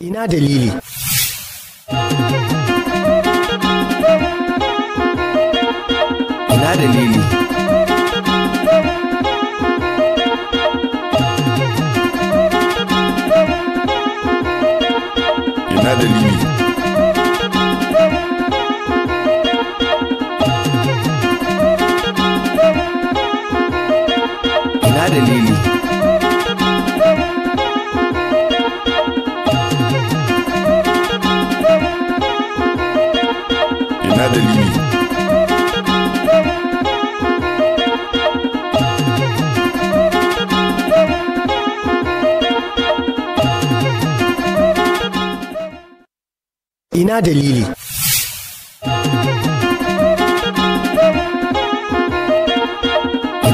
Ina dalili. Ina dalili. Ina dalili. Ina dalili. ina dalili ina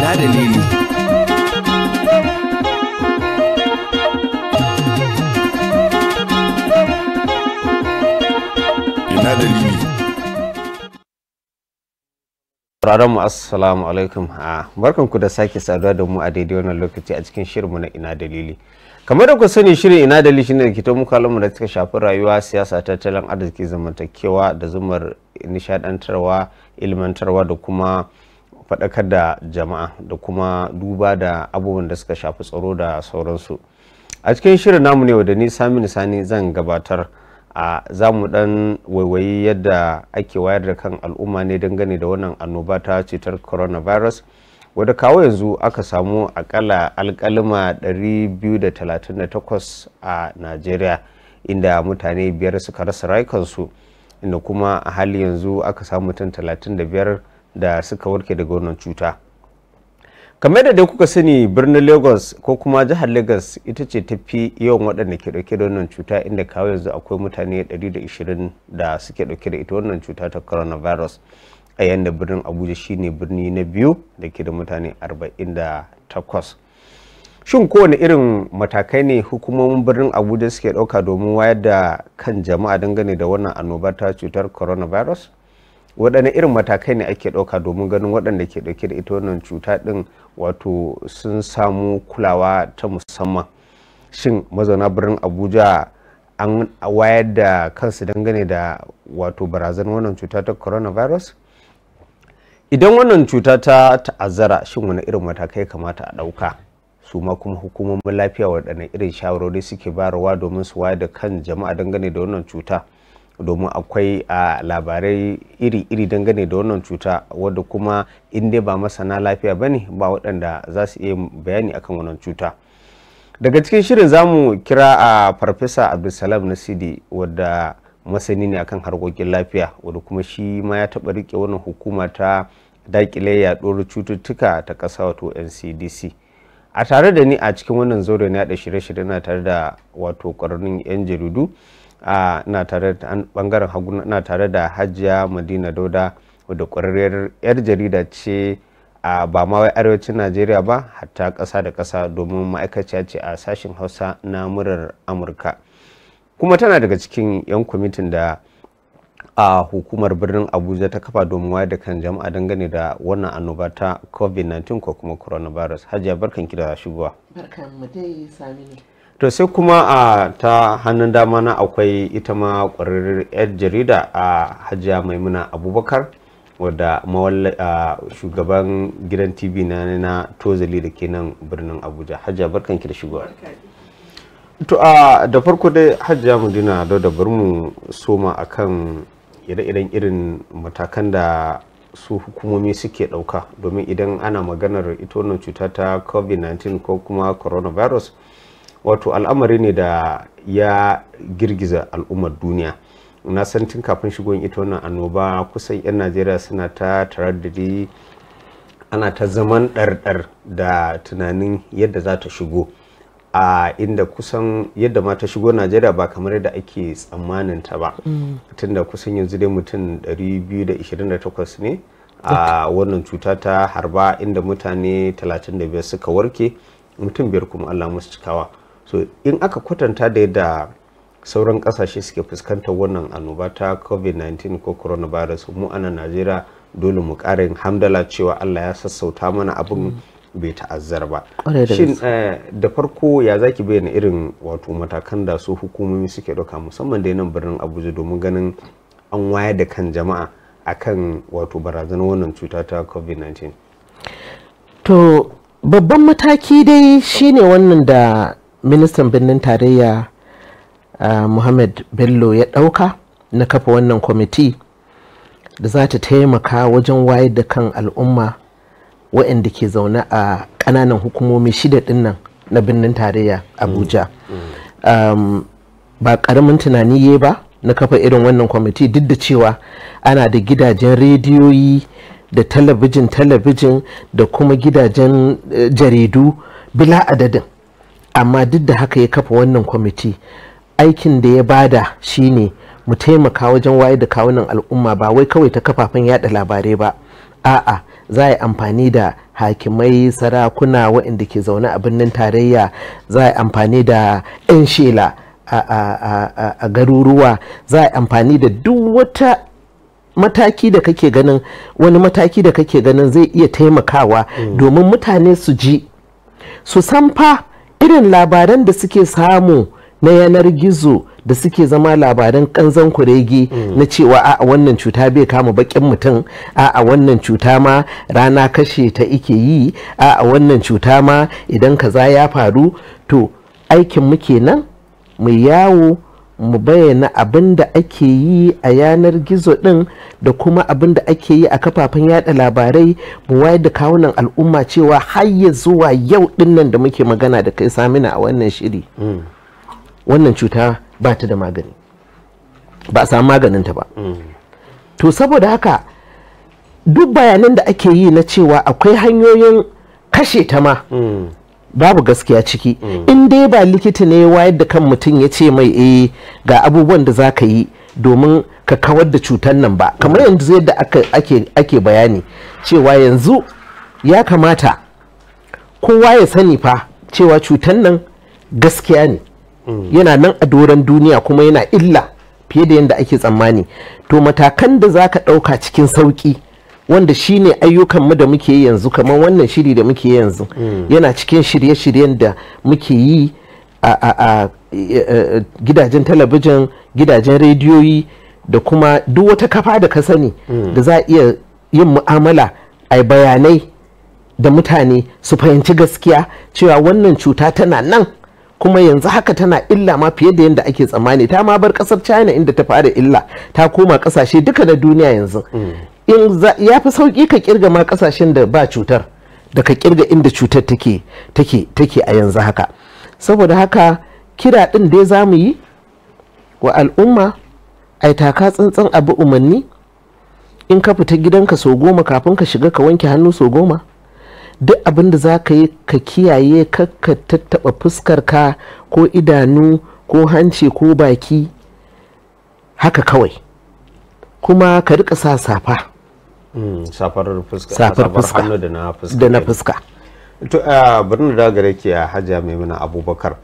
dalili ina dalili mu assalamu alaikum ah, barkanku da sake saduwa da mu a daidai wannan lokaci a cikin shirinmu na ina dalili kamar da ku sani shirin ina da shine da ke to mu da suka shafi rayuwa siyasa tattalin arziki zamantakewa da zumar nishadantarwa ilmantarwa da kuma faɗakar da jama'a da kuma duba da abubuwan da suka shafi tsaro da sauransu a cikin shirin namu ne da ni sami sani zan gabatar a zamu mu dan waiwayi yadda ake wayar da kan al'umma ne dangane da wannan annoba ta cutar coronavirus wadda kawo yanzu aka samu akalla alkalima 238 a najeriya inda mutane biyar suka rasa rayukansu inda kuma a hali yanzu aka samu mutum 35 da suka warke daga wannan cuta kamar da dai kuka sani birnin lagos ko kuma jihar lagos ita ce ta fi yawan waɗanda ke ɗauke da wannan cuta inda kawo yanzu akwai mutane 120 da suke ɗauke da ita wannan cuta ta coronavirus a yanda birnin abuja shine birni na biyu da ke da mutane 48 shin kowane irin matakai ne hukumomin birnin abuja suke ɗauka domin wayar da kan jama'a dangane da wannan annobar ta cutar coronavirus waɗanne irin matakai ne ake ɗauka domin ganin waɗanda ke ɗauke da ita wannan cuta ɗin wato sun samu kulawa ta musamman shin mazauna birnin abuja an wayar da kansu dangane da wato barazan wannan cuta ta coronavirus idan wannan cuta ta ta'azzara shin wani irin matakai kamata a ɗauka su ma kuma hukumomin lafiya waɗanne irin shawarori suke bayarwa domin su wayar da kan jama'a dangane da wannan cuta domin akwai a labarai iri-iri dangane da wannan cuta wadda kuma in dai ba masana lafiya ba ne ba waɗanda za su iya bayani akan wannan cuta daga cikin shirin za mu kira a farfesa abdulsalam sidi wadda masani ne akan harkokin lafiya wadda kuma shi ma ya taɓa riƙe wannan hukuma ta dakile yaɗuwar cututtuka ta ƙasa wato ncdc a tare da ni a cikin wannan zaure ne da shirye-shirye na tare da wato ƙwararrun 'yan jaridu na tare da bangaren haguna na tare da hajiya madina dauda wadda ƙwararriyar 'yar jarida ce a ba ma wai arewacin najeriya ba hatta ƙasa da ƙasa domin ma'aikaciya ce a sashin hausa na murar amurka kuma tana daga cikin 'yan kwamitin da a hukumar birnin abuja ta kafa domin wayar da kan jama'a dangane da wannan annoba ta covid-19 ko kuma coronavirus hajiya barkan ki da shigowa to sai kuma a ta hannun dama na akwai ita ma kwararriyar yar jarida a hajiya maimuna abubakar wadda shugaban gidan tv na na tozali da ke nan birnin abuja hajiya barkan ki da shigowa to a da farko dai hajiya madina da bar mu soma akan ire-iren irin matakan da su hukumomi suke ɗauka domin idan ana maganar ita wannan cuta ta covid-19 ko kuma coronavirus wato al'amari ne da ya girgiza al'ummar duniya na san tun kafin shigon ita wannan annoba kusan 'yan najeriya suna ta taraddadi ana ta zaman ɗarɗar da tunanin yadda za ta shigo a inda kusan yadda ma ta shigo najeriya ba kamar yadda ake tsammanin ta ba mm. tunda kusan yanzu dai mutum 228 ne a wannan cuta ta harba inda mutane 35 suka warke mutum biyar kuma allah musu cikawa so in aka kwatanta da yadda sauran kasashe suke fuskantar wannan annoba ta covid-19 ko coronavirus mu a najeriya dole mu ƙarin hamdala cewa allah ya sassauta mana abin mm. bai ta'azzara ba shin eh, da farko ya zaki bayyana irin wato matakan da su hukumomi suke ɗauka musamman da nan birnin abuja domin ganin an wayar da kan jama'a akan wato barazanar wannan cuta ta covid-19 to babban mataki dai shine wannan da ministan birnin tarayya ah, muhammad bello ya ɗauka na kafa wannan kwamiti da za ta taimaka wajen wayar da kan al'umma waɗanda ke zaune a ƙananan hukumomi shida ɗin na birnin tarayya abuja ba karamin tunani ye ba na kafa irin wannan kwamiti duk da cewa ana da gidajen rediyoyi da talabijin talabijin da kuma gidajen eh, jaridu bila adadin amma duk da haka ya kafa wannan kwamiti aikin da ya bada shine mu taimaka wajen wayar da kawunan al'umma ba wai kawai ta kafafen yada labarai ba a'a za a yi amfani da hakimai sarakuna waɗanda ke zaune a birnin tarayya za a yi amfani da 'yan shela a garuruwa za a yi amfani da duk wata mataki da kake ganin wani mataki da kake ganin zai iya taimakawa mm. domin mutane su ji su san fa irin labaran da suke samu na yanar gizo da suke zama labaran kanzan kurege mm. na cewa a wannan cuta bai kama bakin mutum a wannan cuta ma rana kashe ta ike yi a wannan cuta ma idan kaza ya faru to aikin muke nan mu yawo mu bayyana abin da ake yi a yanar gizo din da kuma abin da ake yi a kafafen yada labarai mu wayar da kawunan al'umma cewa har ya zuwa yau ɗinnan da muke magana da kai samina a wannan shiri mm. wannan cuta ba ta da magani ba a samu maganinta ba mm. to saboda haka duk bayanan da ake yi na cewa akwai hanyoyin kashe ta ma mm. babu gaskiya ciki mm. in dai ba likita ne wayar da kan mutum ya ce mai eh ga abubuwan da za ka yi domin ka kawar da cutar nan ba kamar yanzu yadda ake bayani cewa yanzu ya kamata kowa ya sani fa cewa cutar nan gaskiya ne yana nan a doron duniya kuma yana illa fiye da yadda ake tsammani to matakan da za ka ɗauka cikin sauƙi wanda shi ne mu da muke yi yanzu kamar wannan shiri da muke yanzu yana cikin shirye-shiryen da muke yi a e, e, gidajen talabijin gidajen rediyoyi da kuma duk wata kafa da ka sani da za a iya yin mu'amala a bayanai da mutane su fahimci gaskiya cewa wannan cuta tana nan kuma yanzu haka tana illa ma fiye da yadda ake tsammani ta ma bar kasar china inda ta fara illa ta koma kasashe duka na duniya yanzu mm. in ya fi sauki ka kirga ma kasashen da ba cutar da ka kirga inda cutar take a yanzu haka saboda haka kira din dai za mu yi wa al'umma ai taka tsantsan abu umarni in ka fita gidanka so goma kafin ka shiga ka wanke hannu so goma duk abin da za ka yi ka kiyaye ka tattaɓa ka ko idanu ko hanci ko baki haka kawai kuma ka rika sa safa hmm, safar fuska da na fuska to a birnin da gare ke a maimuna abubakar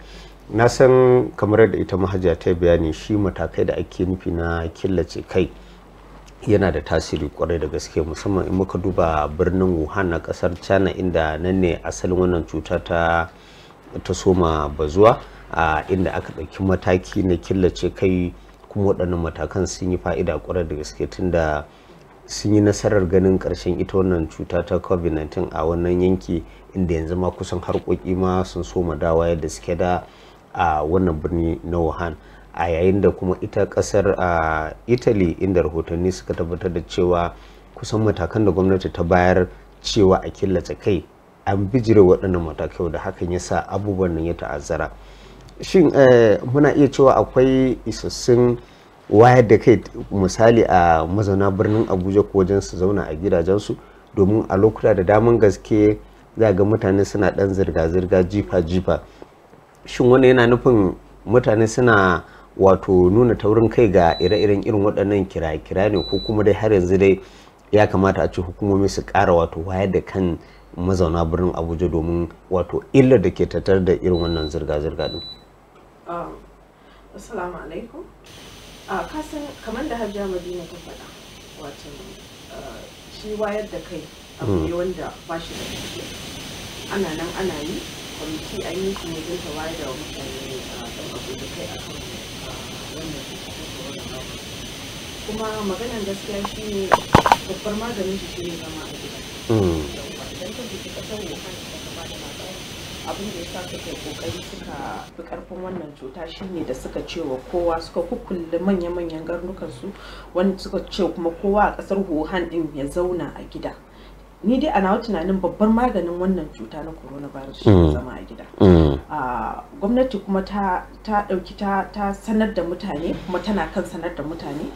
na san kamar da ita mahajja ta bayani shi matakai da ake nufi na killace kai yana da tasiri kwarai da gaske musamman in muka duba birnin wuhan na kasar china inda nan ne asalin wannan cuta ta ta soma bazuwa a inda aka ɗauki mataki na killace kai kuma waɗannan matakan sun yi fa'ida kwarai da gaske tunda sun yi nasarar ganin ƙarshen ita wannan cuta ta covid-19 a wannan yanki inda yanzu ma kusan harkoki ma sun soma dawa yadda suke da a wannan birni na wuhan a yayin da kuma ita kasar a italy inda rahotanni suka tabbatar da cewa kusan matakan da gwamnati ta bayar cewa a killace kai an bijire waɗannan matakai da hakan ya sa abubuwan nan ya ta'azzara shin eh, muna iya cewa akwai isassun wayar da kai misali a mazauna birnin abuja ko wajen su zauna a gidajensu domin a lokuta da daman gaske za ga mutane suna ɗan zirga-zirga jifa-jifa shin wani yana nufin mutane suna wato nuna taurin kai ga ire-iren irin waɗannan kira-kira ne ko kuma dai har yanzu dai ya kamata a ce hukumomi su ƙara wato wayar da kan mazauna birnin abuja domin wato illar da ke tattare da irin wannan zirga-zirga din. Um, assalamu alaikum ah, kasan kamar da hajjia madina ta faɗa wato uh, shi wayar da kai abu ne hmm. wanda ba shi da ana nan ana yi kwamiti an yi kuma don ta wayar da mutane uh, don abu da kai kan kuma maganan gaskiya shi ne babbar maganin shi shi ne zama a gida hmm. idan ka fita kasar wuhan da ka da labari abin da ya sa suka kokari suka fi karfin wannan cuta shine da suka ce wa kowa suka kukkulle manya-manyan garnukan su suka ce kuma kowa a kasar wuhan din ya zauna a gida ni dai ana tunanin babbar maganin wannan cuta na coronavirus shi hmm. zama a gida hmm. gwamnati kuma ta ta ta sanar da mutane kuma tana kan sanar da mutane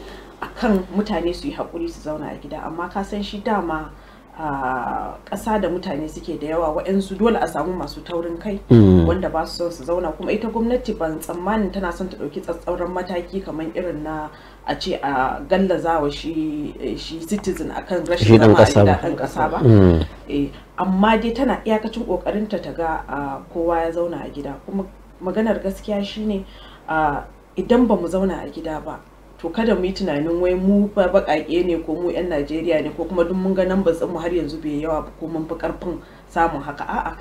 kan mutane su yi haƙuri su zauna a gida amma ka san shi dama a ƙasa da mutane suke da yawa waɗansu dole a samu masu taurin kai mm. wanda ba su son su zauna kuma ita gwamnati ban tsammanin tana son ta ɗauki tsatsauran mataki kamar irin na a ce a za shi shi citizen akan rashin zama a kan ƙasa ba mm. eh, amma dai tana iyakacin ƙoƙarinta ta ga kowa ya zauna a gida kuma maganar gaskiya shine idan ba mu zauna a gida ba to kada mu yi tunanin wai mu ba baƙaƙe ne ko mu 'yan najeriya ne ko kuma duk mun ga numbers mu har yanzu bai yawa ba ko mun fi ƙarfin samun haka a'a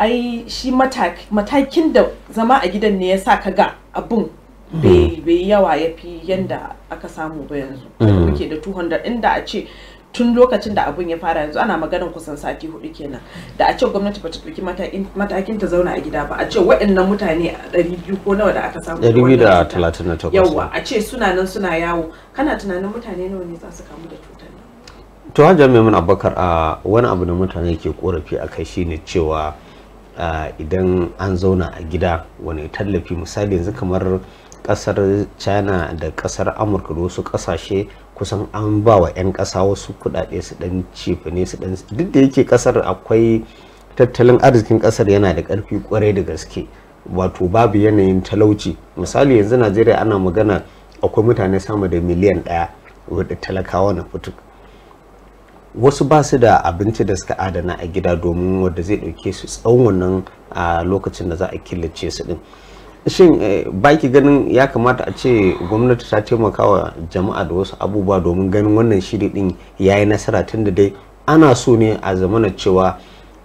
ai shi matakin da zama a gidan ne ya sa ka ga abun bai hmm. yawa ya fi yanda aka samu ba yanzu kuke hmm. da 200 inda a ce tun lokacin da abun ya fara yanzu ana maganar kusan sati hudu kenan da a ce gwamnati ba ta ɗauki matakin ta zauna a gida ba a ce waɗannan mutane a ɗari biyu ko nawa da aka samu ɗari biyu da talatin na takwas yawa a ce suna nan suna yawo kana tunanin mutane nawa ne za su kamu da cutar to hajja maimun abubakar a wani abu da mutane ke korafi a kai shine cewa idan an zauna a gida wani tallafi misali yanzu kamar kasar china da kasar amurka da wasu kasashe kusan an ba wa 'yan ƙasa wasu kuɗaɗe su ɗan ne su ɗan duk da yake ƙasar akwai tattalin arzikin ƙasar yana da ƙarfi ƙwarai da gaske wato babu yanayin talauci misali yanzu najeriya ana magana akwai mutane sama da miliyan ɗaya wadda talakawa na fitu wasu ba su da abinci da suka adana a gida domin wadda zai ɗauke su tsawon wannan lokacin da za a killace su ɗin shin eh, baki ganin ya kamata a ce gwamnati ta taimaka wa jama'a da wasu abubuwa domin ganin wannan shiri din ya yi nasara tun da dai ana so ne a zamana cewa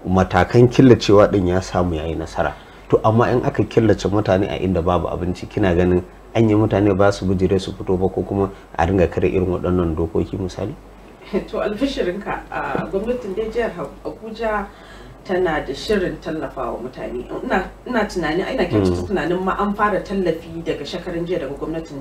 matakan killacewa din ya samu ya yi nasara to amma in aka killace mutane a inda babu abinci kina ganin an yi mutane ba su bijire su fito ba ko kuma a ringa kare irin waɗannan dokoki misali to alfishirinka a gwamnatin dai jihar abuja tana da shirin tallafawa mutane ina tunani ina kyautata hmm. tunanin ma an fara tallafi daga shekarun jiya daga gwamnatin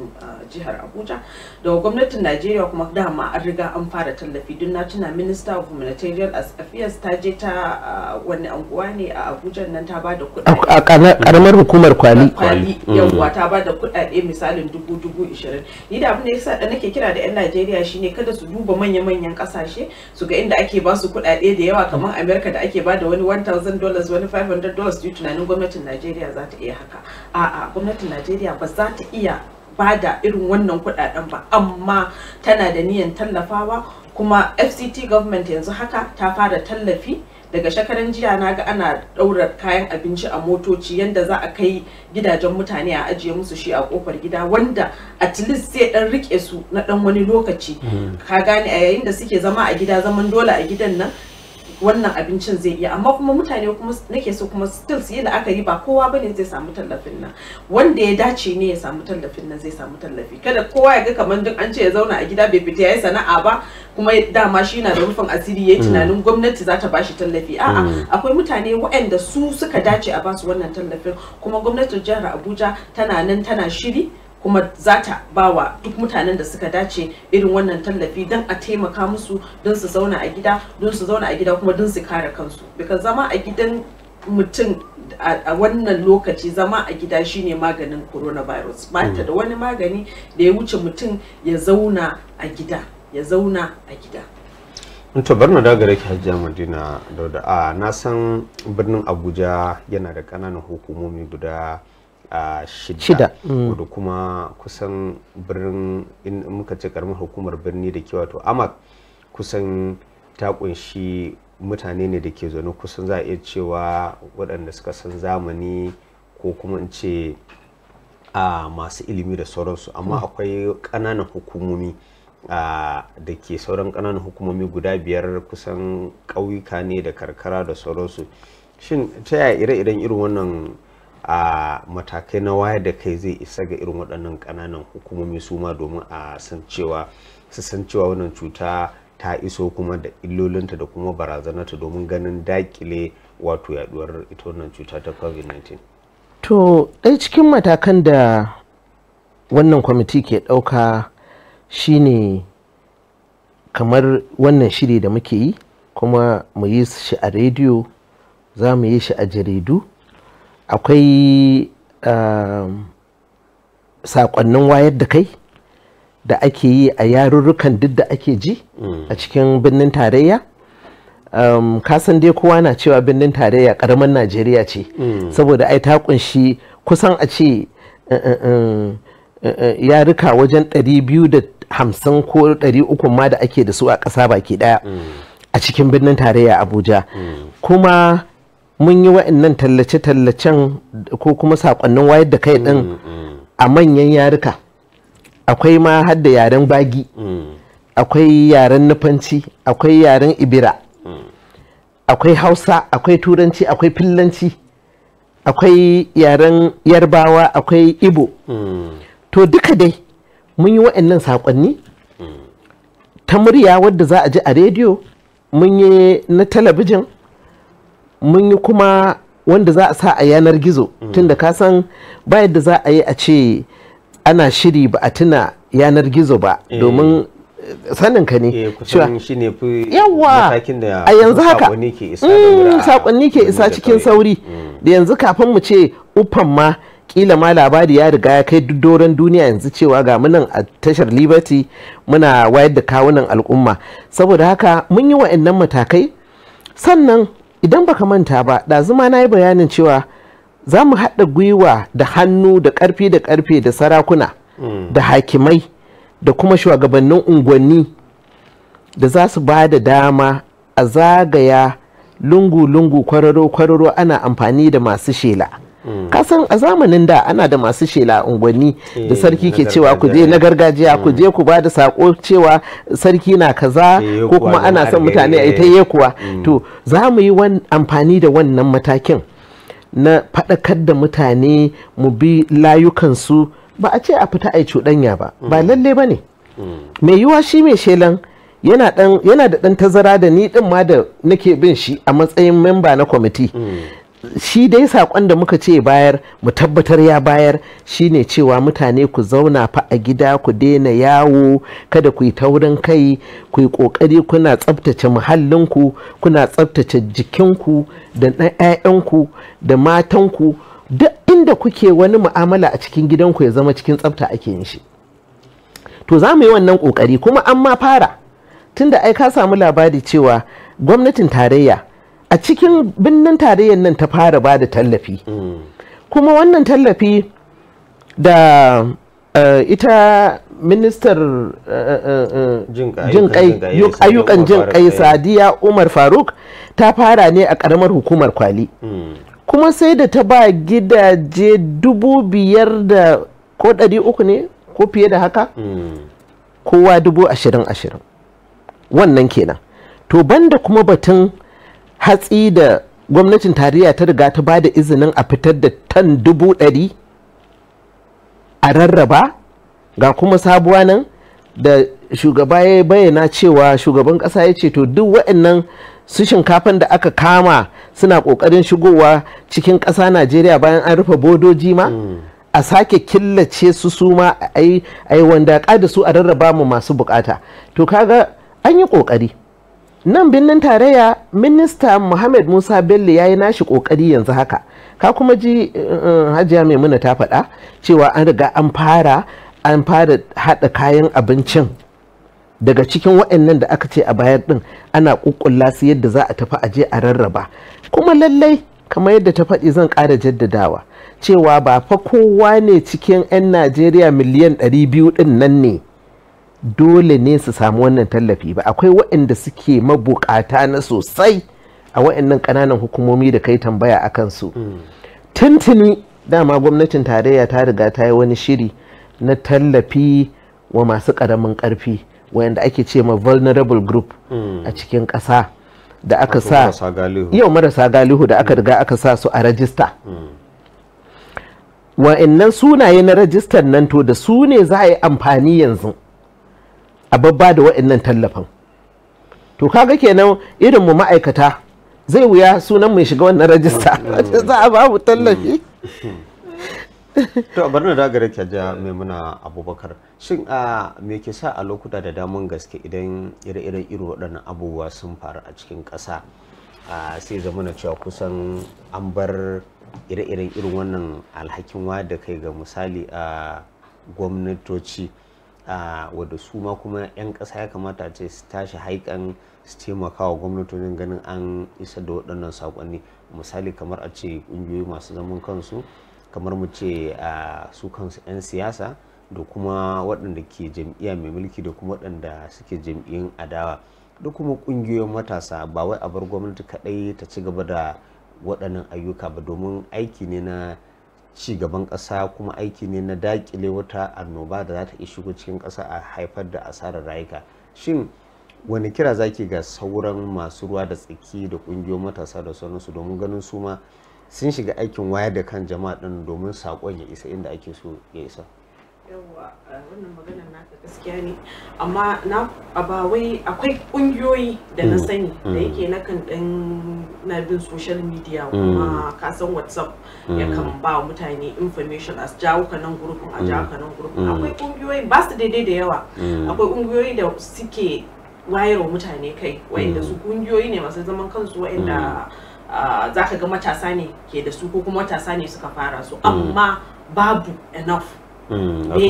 jihar abuja daga gwamnatin najeriya kuma dama an riga an fara tallafi don na tuna minister of humanitarian affairs ta je ta wani anguwa ne a abuja nan ta bada kudade. a karamar hukumar kwali kwali hmm. yawwa ta bada kudade misalin dubu dubu ishirin ni da abin da yasa da nake kira da yan najeriya shine kada su duba manya-manyan kasashe su ga inda ake ba su kudade da yawa kamar america da ake ba da wani 1000 dollars wani 500 dollars duk tunanin gwamnatin najeriya za ta iya haka a'a gwamnatin najeriya ba za ta iya ba da irin wannan kudaden ba amma tana da niyan tallafawa kuma fct government yanzu haka ta fara tallafi daga shakaran jiya na ga ana ɗaura kayan abinci a motoci yadda za a kai gidajen mutane a ajiye musu shi a kofar gida wanda at least sai dan rike su na dan wani lokaci mm. ka gane a yayin da suke zama a gida zaman dole a gidan nan wannan abincin zai iya amma kuma mutane kuma nake so kuma still su yi la'akari ba kowa bane zai samu tallafin nan wanda ya dace ne ya samu tallafin nan zai samu tallafi kada kowa ya ga kamar duk an ce ya zauna a gida bai fita yayi sana'a ba kuma dama shi na da rufin asiri yayi mm. tunanin gwamnati za ta bashi tallafi a'a mm. akwai mutane waɗanda su suka dace a basu wannan tallafin kuma gwamnatin jihar Abuja tana nan tana shiri kuma za ta bawa duk mutanen da suka dace irin wannan tallafi don a taimaka musu don su zauna a gida don su zauna a gida kuma don su kare kansu bika zama a gidan mutum a wannan lokaci zama a gida shine maganin coronavirus ba ta da wani magani da ya wuce mutum ya zauna a gida ya zauna a gida to bar na dagare ki hajjiya madina da a na san birnin abuja yana da ƙananan hukumomi guda a shida wadda mm. kuma kusan birnin in muka ce karamin hukumar birni da ke wato amak kusan ta kunshi mutane ne da ke zaune kusan za a iya cewa waɗanda suka san zamani ko kuma in ce a masu ilimi da sauransu amma mm. akwai ƙananan hukumomi Uh, da ke sauran ƙananan hukumomi guda biyar kusan ƙauyuka ne da karkara da sauransu shin ta yaya ire-iren irin wannan a matakai na waya da kai zai isa ga irin waɗannan ƙananan hukumomi su ma domin a san cewa su san cewa wannan cuta ta iso kuma da illolinta da kuma barazanarta domin ganin dakile wato yaduwar ita wannan cuta ta covid-19 to ɗaya cikin matakan da wannan kwamiti ke ɗauka shine kamar wannan shiri da muke yi kuma mu yi shi a rediyo za mu yi shi a jaridu akwai um, sakonnin wayar da kai da ake yi a yarurrukan duk da ake ji mm. a cikin birnin tarayya um, kasan dai kowa na cewa birnin tarayya karamin najeriya ce mm. saboda ai ta kunshi kusan a ce uh, uh, uh, yaruka wajen 250 ko 300 ma da ake da su a ƙasa baki daya mm. a cikin birnin tarayya abuja kuma mun yi wa'annan tallace-tallacen ko kuma sakonnin wayar da kai din a manyan yaruka akwai ma da yaren bagi akwai yaren nufanci akwai yaren ibira akwai hausa akwai turanci akwai fillanci akwai yaren yarbawa akwai ibo to duka dai mun yi wa'annan saƙonni ta murya wadda za a ji a rediyo mun yi na talabijin mun yi kuma wanda za a sa a yanar gizo mm. tunda ka san ba yadda za a yi a ce ana shiri ba a tuna yanar gizo ba eh. domin eh, sanin ka ne eh, cewa yawwa a yanzu haka sakonni ke isa mm, cikin sauri mm. da yanzu kafin mu ce uffan ma kila ma labari ya riga ya kai doron duniya yanzu cewa ga munan a tashar liberty muna wayar da kawunan al'umma saboda haka mun yi wa'annan matakai sannan idan baka manta ba ɗazuma na yi bayanin cewa za mu haɗa gwiwa da hannu da ƙarfi da ƙarfe da sarakuna mm. da hakimai da kuma shugabannin unguwanni da za su ba da dama a zagaya lungu-lungu kwararo-kwararo ana amfani da masu shela kasan a zamanin da ana da masu shela unguwanni eh, da sarki ke cewa ku je na gargajiya ku je mm. ku ba da sako cewa sarki na kaza eh, ko kuma ana son mutane a ita eh. kuwa, mm. to za mu yi amfani da wannan matakin na faɗakar da mutane mu bi layukansu ba a ce a fita a yi cuɗanya ba ba mm. lalle ba ne mai yiwa shi mai shelan yana da ɗan tazara da ni ɗin ma da nake bin shi a matsayin memba na kwamiti shi dai saƙon da muka ce bayar mu tabbatar ya bayar shine cewa mutane ku zauna fa a gida ku daina yawo kada ku yi taurin kai ku yi ƙoƙari kuna tsabtace muhallinku kuna tsabtace jikinku da 'ya'yanku da matanku duk inda kuke wani mu'amala a cikin gidanku ya zama cikin tsabta ake yin shi to za mu yi wannan ƙoƙari kuma an ma fara tunda ai ka samu labari cewa gwamnatin tarayya a cikin birnin tarayyar nan ta fara ba da tallafi kuma wannan tallafi da eh, ita ministar ayyukan jin kai eh. sadiya umar faruk ta fara ne a karamar hukumar kwali hmm. kuma sai da ta ba gidaje dubu biyar da ko ɗari uku ne ko fiye da haka hmm. kowa dubu ashirin ashirin wannan kenan to banda kuma batun hatsi da gwamnatin tarayya ta riga ta bada izinin a fitar da tan dubu ɗari a rarraba ga kuma sabuwa nan da shugaba ya bayyana cewa shugaban ƙasa ya ce to duk waɗannan su shinkafan da aka kama suna ƙoƙarin shigowa cikin ƙasa najeriya bayan an rufe bodoji ma a sake killace su su ma a yi wanda da su a rarraba mu masu bukata to kaga an yi ƙoƙari nan birnin tarayya minista muhammad musa bello ya yi nashi kokari yanzu haka ka kuma ji eh, eh, hajiya maimuna ta faɗa cewa an riga an fara an fara haɗa kayan abincin daga cikin waɗannan da aka ce a bayar ɗin ana ƙuƙulla su yadda za a tafi aje a rarraba kuma lallai kamar yadda ta faɗi zan ƙara jaddadawa cewa ba fa kowa ne cikin 'yan najeriya miliyan 200 ɗin nan ne dole ne su samu wannan tallafi ba akwai waɗanda suke mabukata na sosai a waɗannan ƙananan hukumomi da kai tambaya a kansu hmm. tuntuni dama gwamnatin tarayya ta riga ta yi wani shiri na tallafi wa masu ƙaramin ƙarfi wayanda ake ce ma vulnerable group hmm. a cikin ƙasa da aka sa yau marasa galihu da aka hmm. riga aka sa su a rajista wa'annan sunaye na rajistar nan to da su ne za a yi amfani yanzu a babba da waɗannan tallafin to kaga kenan irin mu ma'aikata zai wuya sunan mai shiga wannan rajista mm. za a babu tallafi mm. to bari na dagare ki ja maimuna abubakar shin a me ke sa a lokuta da daman gaske idan ire-iren irin waɗannan abubuwa sun faru a cikin ƙasa sai zama na cewa kusan an bar ire-iren irin wannan alhakin da kai ga misali a gwamnatoci wadda su ma kuma 'yan ƙasa ya kamata ce su tashi haikan su taimaka wa gwamnatocin ganin an isa da waɗannan saƙonni misali kamar a ce ƙungiyoyi masu zaman kansu kamar mu ce su kansu 'yan siyasa da kuma waɗanda ke jam'iyya mai mulki da kuma waɗanda suke jam'iyyun adawa da kuma ƙungiyoyin matasa ba wai a bar gwamnati kaɗai ta ci gaba da waɗannan ayyuka ba domin aiki ne na ci gaban ƙasa kuma aiki ne na dakile wata annoba da za ta iya shigo cikin ƙasa a haifar da asarar rayuka shin wani kira zaki ga sauran masu ruwa da tsaki da ƙungiyoyin matasa da sauransu domin ganin su ma sun shiga aikin wayar da kan jama'a ɗin domin sakon ya isa inda ake so ya isa yawwa wannan maganar naka gaskiya ne amma na ba wai akwai kungiyoyi da na mm. sani da mm. yake na kan dan na bin social media mm. kuma ka san whatsapp ya kan ba mutane information a jawo ka nan gurbin a jawo ka nan gurbin akwai kungiyoyi ba su daidai da yawa akwai kungiyoyi da suke wayarwa mutane kai wayanda su kungiyoyi ne masu zaman kansu wayanda za ka ga matasa ne ke da su ko kuma matasa ne suka fara su amma babu enough Mm, eh.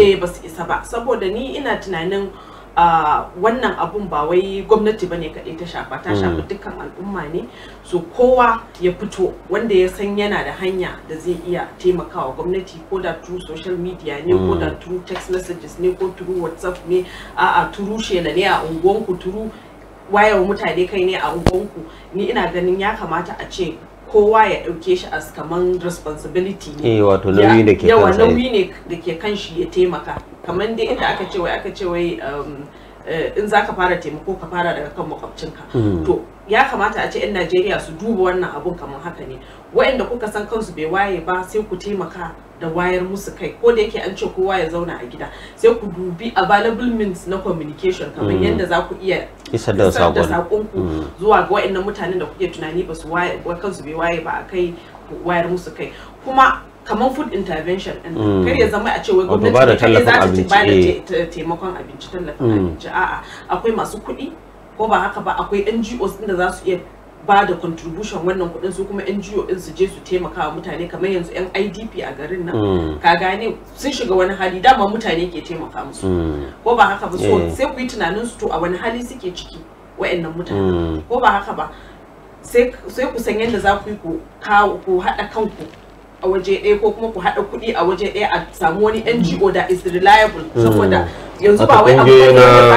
eh ba isa ba saboda ni ina tunanin ah, wannan abun ba wai gwamnati bane kaɗai ta shafa ta mm. shafa dukkan al'umma ne so kowa ya fito wanda ya san yana da hanya da zai iya taimakawa gwamnati ko da through social media ne ko da mm. through text messages ne ko through whatsapp ne a a through shela ne a unguwanku through wayar mutane kai ne a unguwanku ni ina ganin ya kamata a ce kowa ya ɗauke shi as kaman responsibility ne eh, wato nauyi da ke yawa nauyi ne da ke kan shi ya taimaka kaman dai inda aka ce wai aka ce wai um, eh, in za fara taimako ka fara daga kan makwabcinka hmm. to ya kamata a ce 'yan najeriya su duba wannan abun kaman haka ne wayanda kuka san kansu bai waye ba sai ku taimaka da wayar musu kai ko da yake an ce kowa ya zauna a gida sai ku dubi available means na communication kamar mm. yadda za ku iya isar da sakon ku mm. zuwa ga waɗannan mutanen da kuke tunani ba su waye kansu bai waye ba akai wayar musu kai kuma kamar food intervention din mm. kar ya zama a ce wai gwamnati kai za ta taimakon abinci tallafin abinci a'a akwai masu kuɗi ko ba haka ba akwai NGOs din da za su iya ba da contribution wannan kudin su kuma NGO din su je su taimaka wa mutane kamar yanzu yan IDP a garin nan hmm. ka gane sun shiga wani hali dama mutane ke taimaka musu hmm. ko ba haka ba so eh. sai ku yi tunanin su to a wani hali suke ciki wa'annan mutane hmm. ko ba haka ba sai ku san yadda za ku yi ku haɗa kanku a waje ɗaya ko kuma ku haɗa kuɗi a waje ɗaya a samu wani NGO da is reliable saboda yanzu ba wai abu ne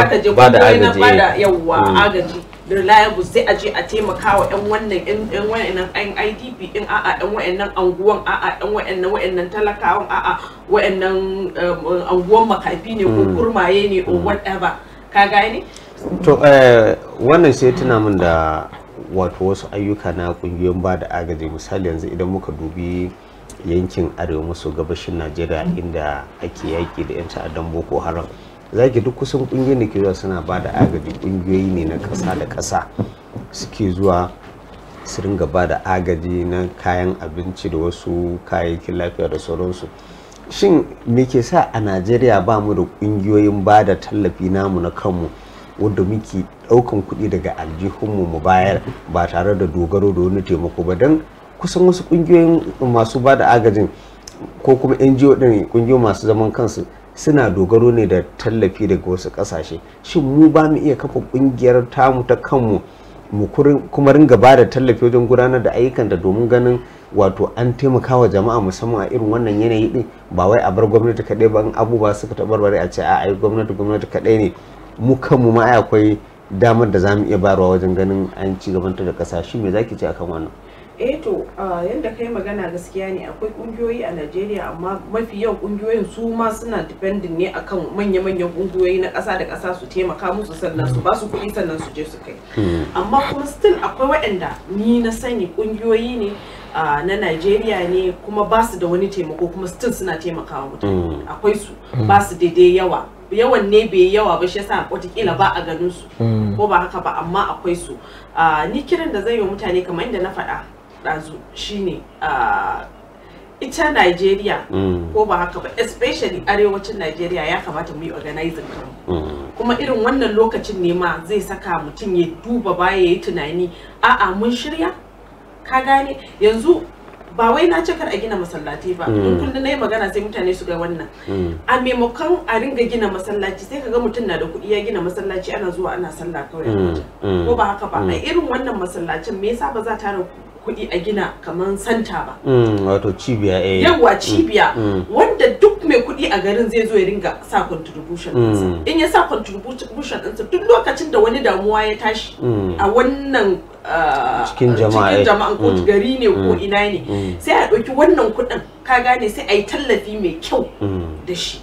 da je ba da yawwa agaji reliable sai a je a taimaka wa yan wannan yan wayannan yan IDP din a'a yan wayannan anguwan a'a yan wayannan wayannan talakawan a'a wayannan um, anguwan makafi ne ko hmm. kurmaye ne or hmm. whatever ka gane to eh wannan sai tuna min da wato wasu ayyuka na kungiyoyin ba da agaji misali yanzu idan muka dubi yankin arewa maso gabashin Najeriya inda ake yaki da 'yan ta'addan Boko Haram zaki duk kusan kungiyar da ke zuwa suna ba da agaji kungiyoyi ne na kasa da ƙasa suke zuwa su ringa ba da agaji na kayan abinci da wasu kayayyakin lafiya da sauransu shin me ke sa a najeriya ba mu da kungiyoyin ba da tallafi namu na kanmu wadda muke daukan kuɗi daga aljihunmu mu bayar ba tare da dogaro da wani taimako ba don kusan wasu kungiyoyin masu ba da agajin ko kuma ngo din kungiyoyin masu zaman kansu suna dogaro ne da tallafi daga wasu kasashe shin mu ba mu iya kafa kungiyar tamu ta kanmu mu kuma ringa ba da tallafi wajen gudanar da ayyukan da domin ganin wato an taimaka wa jama'a musamman a irin wannan yanayi din ba wai a bar gwamnati kaɗai ba in abubuwa suka tabarbare a ce a ai gwamnati gwamnati kaɗai ne mu kanmu ma akwai damar da za mu iya barwa wajen ganin an ci gabanta da ƙasa shi me zaki ce akan wannan eh to yadda kai magana gaskiya ne akwai kungiyoyi a Najeriya amma mafi yau kungiyoyin su ma suna depending ne akan manya-manyan kungiyoyi na ƙasa da ƙasa su taimaka musu sannan su ba su kuɗi sannan su je su kai hmm. amma kuma still akwai waɗanda ni na sani kungiyoyi ne na Najeriya ne kuma ba su da wani taimako kuma still suna taimakawa mutane hmm. akwai su hmm. ba su daidai yawa yawan ne bai yawa ba shi yasa watakila ba a ganin su ko ba haka ba amma akwai su ni kiran da zai yi mutane kamar inda na faɗa ɗazu shine a ita Najeriya mm. ko ba haka ba especially arewacin Najeriya ya kamata mu yi organizing kanmu mm. kuma irin wannan lokacin ne ma zai saka mutum ya duba baya ya yi tunani a'a mun shirya ka gane yanzu ba wai na ce kar a gina masallaci ba mm. in kullum na yi magana sai mutane su ga wannan a maimakon a ringa gina masallaci sai kaga mutum na da kuɗi ya gina masallaci ana zuwa ana sallah kawai ko ba haka ba a irin wannan masallacin me yasa ba za ta kuɗi a gina kamar santa ba. Mm, wato cibiya eh. Yawwa mm, cibiya mm. wanda duk mai kuɗi a garin zai zo ya ringa sa contribution ɗinsa. In ya sa contribution ɗinsa duk lokacin da wani damuwa ya tashi a wannan ah, cikin jama'a eh. ko gari ne ko ina ne sai a ɗauki wannan kuɗin ka gane sai a yi tallafi mai kyau da shi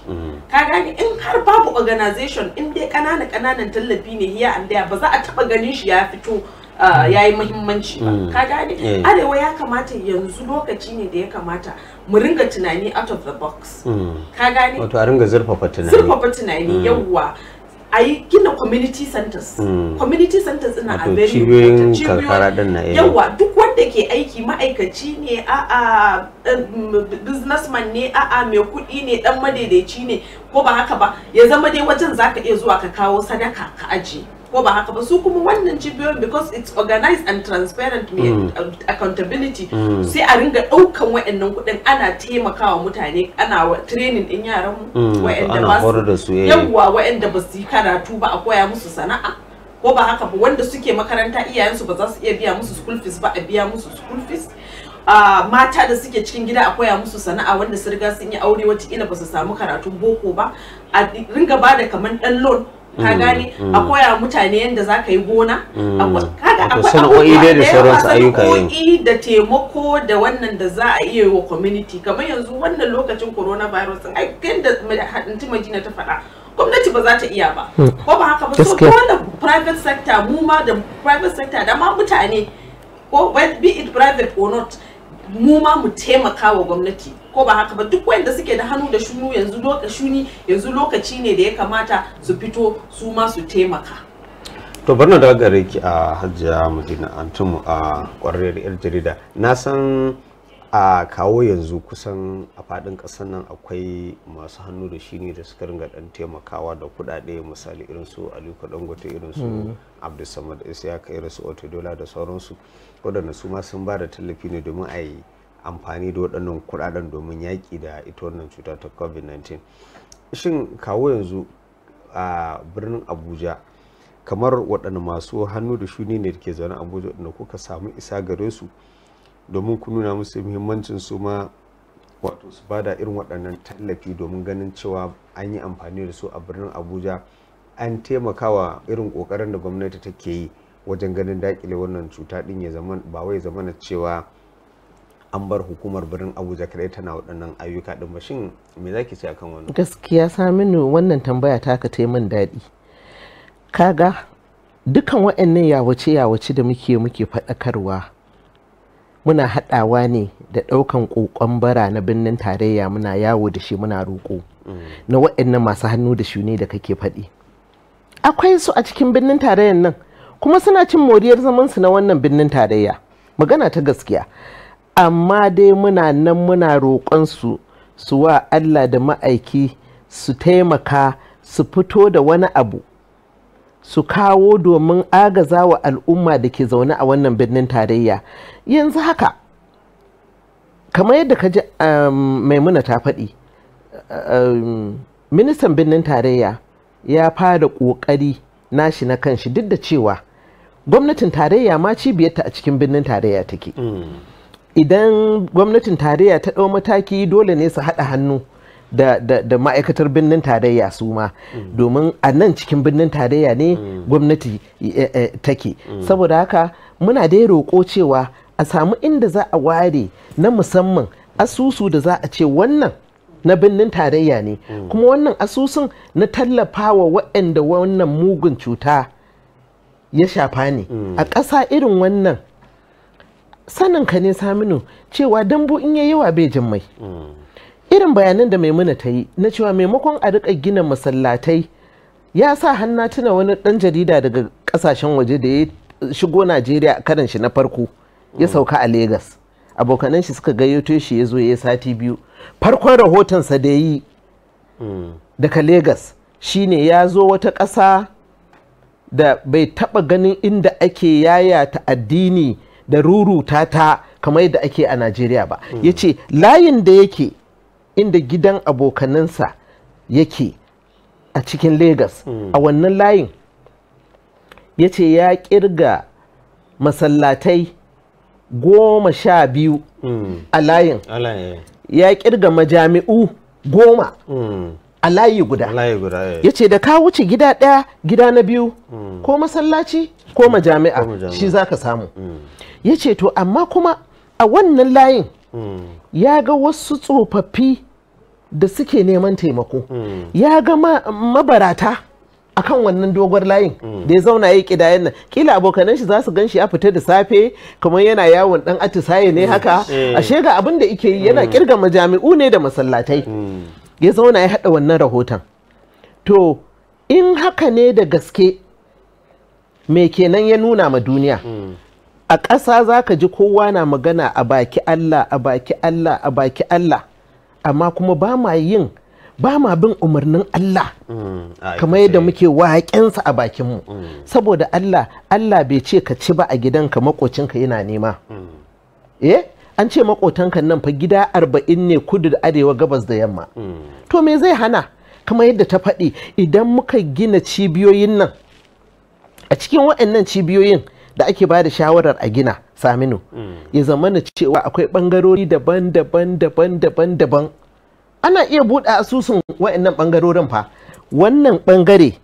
ka gane in har babu organization in dai ƙananan ƙananan tallafi ne hiya an daya ba za a taɓa ganin shi ya fito Eh, ya yi muhimmanci ba mm. ka gane eh. arewa ya kamata yanzu lokaci ne da ya kamata mu ringa tunani out of the box mm. ka gane wato a ringa zurfafa tunani zurfafa tunani mm. yawwa a yi gina community centers community centers ina a very important karkara din na eh. yawa duk wanda ke aiki ma'aikaci ne a a businessman ne a a mai kuɗi ne dan madaidaici ne ko ba haka ba ya zama dai wajen zaka iya zuwa ka kawo sadaka ka aje ko ba haka ba su kuma wannan cibiyoyin because it's organized and transparent mm. accountability mm. sai a ringa daukan waɗannan kuɗin ana taimakawa mutane ana training din yaran mm, waɗanda ba su eh. yawa waɗanda ba su yi karatu ba a koya musu sana'a ko ba haka ba wanda suke makaranta iyayensu ba za su iya biya musu school fees ba a biya musu school fees Uh, mata da suke cikin gida a koya musu sana'a wanda su riga sun yi aure wata ba su samu karatun boko ba a ringa bada kamar dan loan ka mm, gane mm. a koya mutane yadda za ka yi gona mm. kaga sana'o'i dai da sauransu ayyuka sana'o'i da taimako da wannan da za a iya yi wa community kamar yanzu wannan lokacin coronavirus ai yadda hadinti majina ta faɗa gwamnati ba za ta iya ba hmm. ko ba haka ba so dole private sector mu ma da private sector da ma mutane ko be it private or not mu ma mu taimaka wa gwamnati ko ba haka ba duk wanda suke da hannu da shunu yanzu shuni yanzu lokaci ne da ya kamata su fito su ma su taimaka to barna da gare ki a hajjiya madina antum a kwarriyar yar jarida na san a kawo yanzu kusan a fadin kasar nan akwai masu hannu da shine da suka ringa dan taimakawa da kuɗaɗe misali irin su aliko dangote irin su mm. abdulsamad isiyaka irin su otodola da sauransu waɗanda su ma sun ba da tallafi ne domin a amfani da waɗannan kuɗaɗen domin yaƙi da ita wannan cuta ta covid-19 shin kawo yanzu a birnin abuja kamar waɗanda masu hannu da shuni ne da ke zaune abuja waɗanda kuka samu isa gare su domin ku nuna musu muhimmancin su ma wato su bada irin waɗannan tallafi domin ganin cewa an yi amfani da su a birnin abuja an taimakawa irin ƙoƙarin da gwamnati take yi wajen ganin daƙile wannan cuta din ya zama ba wai zamana cewa an bar hukumar birnin abuja kadai tana waɗannan ayyuka ɗin ba shin me zaki ce akan wannan gaskiya saminu wannan tambaya ta ka min daɗi kaga dukan waɗannan yawace yawace da muke muke faɗakarwa muna haɗawa ne da ɗaukan ƙoƙon bara na birnin tarayya muna yawo da shi muna roƙo mm. na waɗannan masu hannu da shi ne da kake faɗi akwai su a cikin birnin tarayyar nan kuma suna cin moriyar zamansu na wannan birnin tarayya magana ta gaskiya amma dai muna nan muna roƙonsu su wa Allah da ma'aiki su taimaka su fito da wani abu su kawo domin agaza wa al'umma da ke zaune a wannan birnin tarayya yanzu haka kamar yadda ka ji um, maimuna ta faɗi um, ministan birnin tarayya ya fara ƙoƙari nashi na kanshi duk da cewa gwamnatin tarayya ma cibiyarta a cikin birnin tarayya take. Mm. idan gwamnatin tarayya ta ɗau mataki dole ne su haɗa hannu da, ma'aikatar birnin tarayya su ma mm. domin a nan cikin birnin tarayya ne mm. gwamnati eh, eh, eh, take mm. saboda haka muna dai roƙo cewa a samu inda za a ware na musamman asusu da za a ce wannan na birnin tarayya ne kuma wannan asusun na tallafawa waɗanda wannan mugun cuta ya shafa ne a ƙasa irin wannan sanin ka ne saminu cewa dambu in yi yawa bai jin mai irin bayanan da maimuna ta yi na cewa maimakon a riƙa gina masallatai ya sa hanna tuna wani ɗan jarida daga ƙasashen waje da ya shigo najeriya a karan shi na farko ya sauka a Legas. abokanan shi suka gayyato shi ya zo ya sati biyu farkon rahotonsa da yi daga Legas shine ya zo wata ƙasa da bai taɓa ganin inda ake yayata addini da ruruta ta kamar yadda ake a najeriya ba Yace layin da yake inda gidan abokaninsa yake a cikin Legas. a wannan layin yace ce ya kirga masallatai goma sha biyu a layin eh. ya kirga majami'u goma mm. a layi guda eh. ya ce da ka wuce gida ɗaya gida na biyu mm. ko masallaci ko majami'a shi za ka samu mm. ya ce to amma kuma a wannan layin mm. ya ga wasu tsofaffi da suke neman taimako mm. ya ga mabarata a kan wannan dogon layin mm. da ya zauna ya yi kidayen nan kila abokanan shi za su gan shi ya fita da safe kamar yana yawon dan atisaye ne haka ashe ga abin da yake yi yana kirga majami'u ne da masallatai ya zauna ya haɗa wannan rahoton to in haka ne da gaske me kenan ya nuna ma duniya a ƙasa za ka ji kowa na magana a baki Allah a baki Allah a baki Allah amma kuma ba ma yin ba ma bin umarnin Allah mm, kamar yadda muke waƙensa a bakinmu mm. saboda Allah Allah bai ce ka ci ba a gidanka makocinka yana nema mm. eh an ce maƙotanka nan fa gida arba'in ne kudu da arewa gabas da yamma to me zai hana kamar yadda ta faɗi idan muka gina cibiyoyin nan a cikin waɗannan cibiyoyin da ake ba da shawarar a gina saminu ya na cewa akwai bangarori daban-daban daban-daban daban ana iya buɗe asusun wa'annan bangarorin fa wannan bangare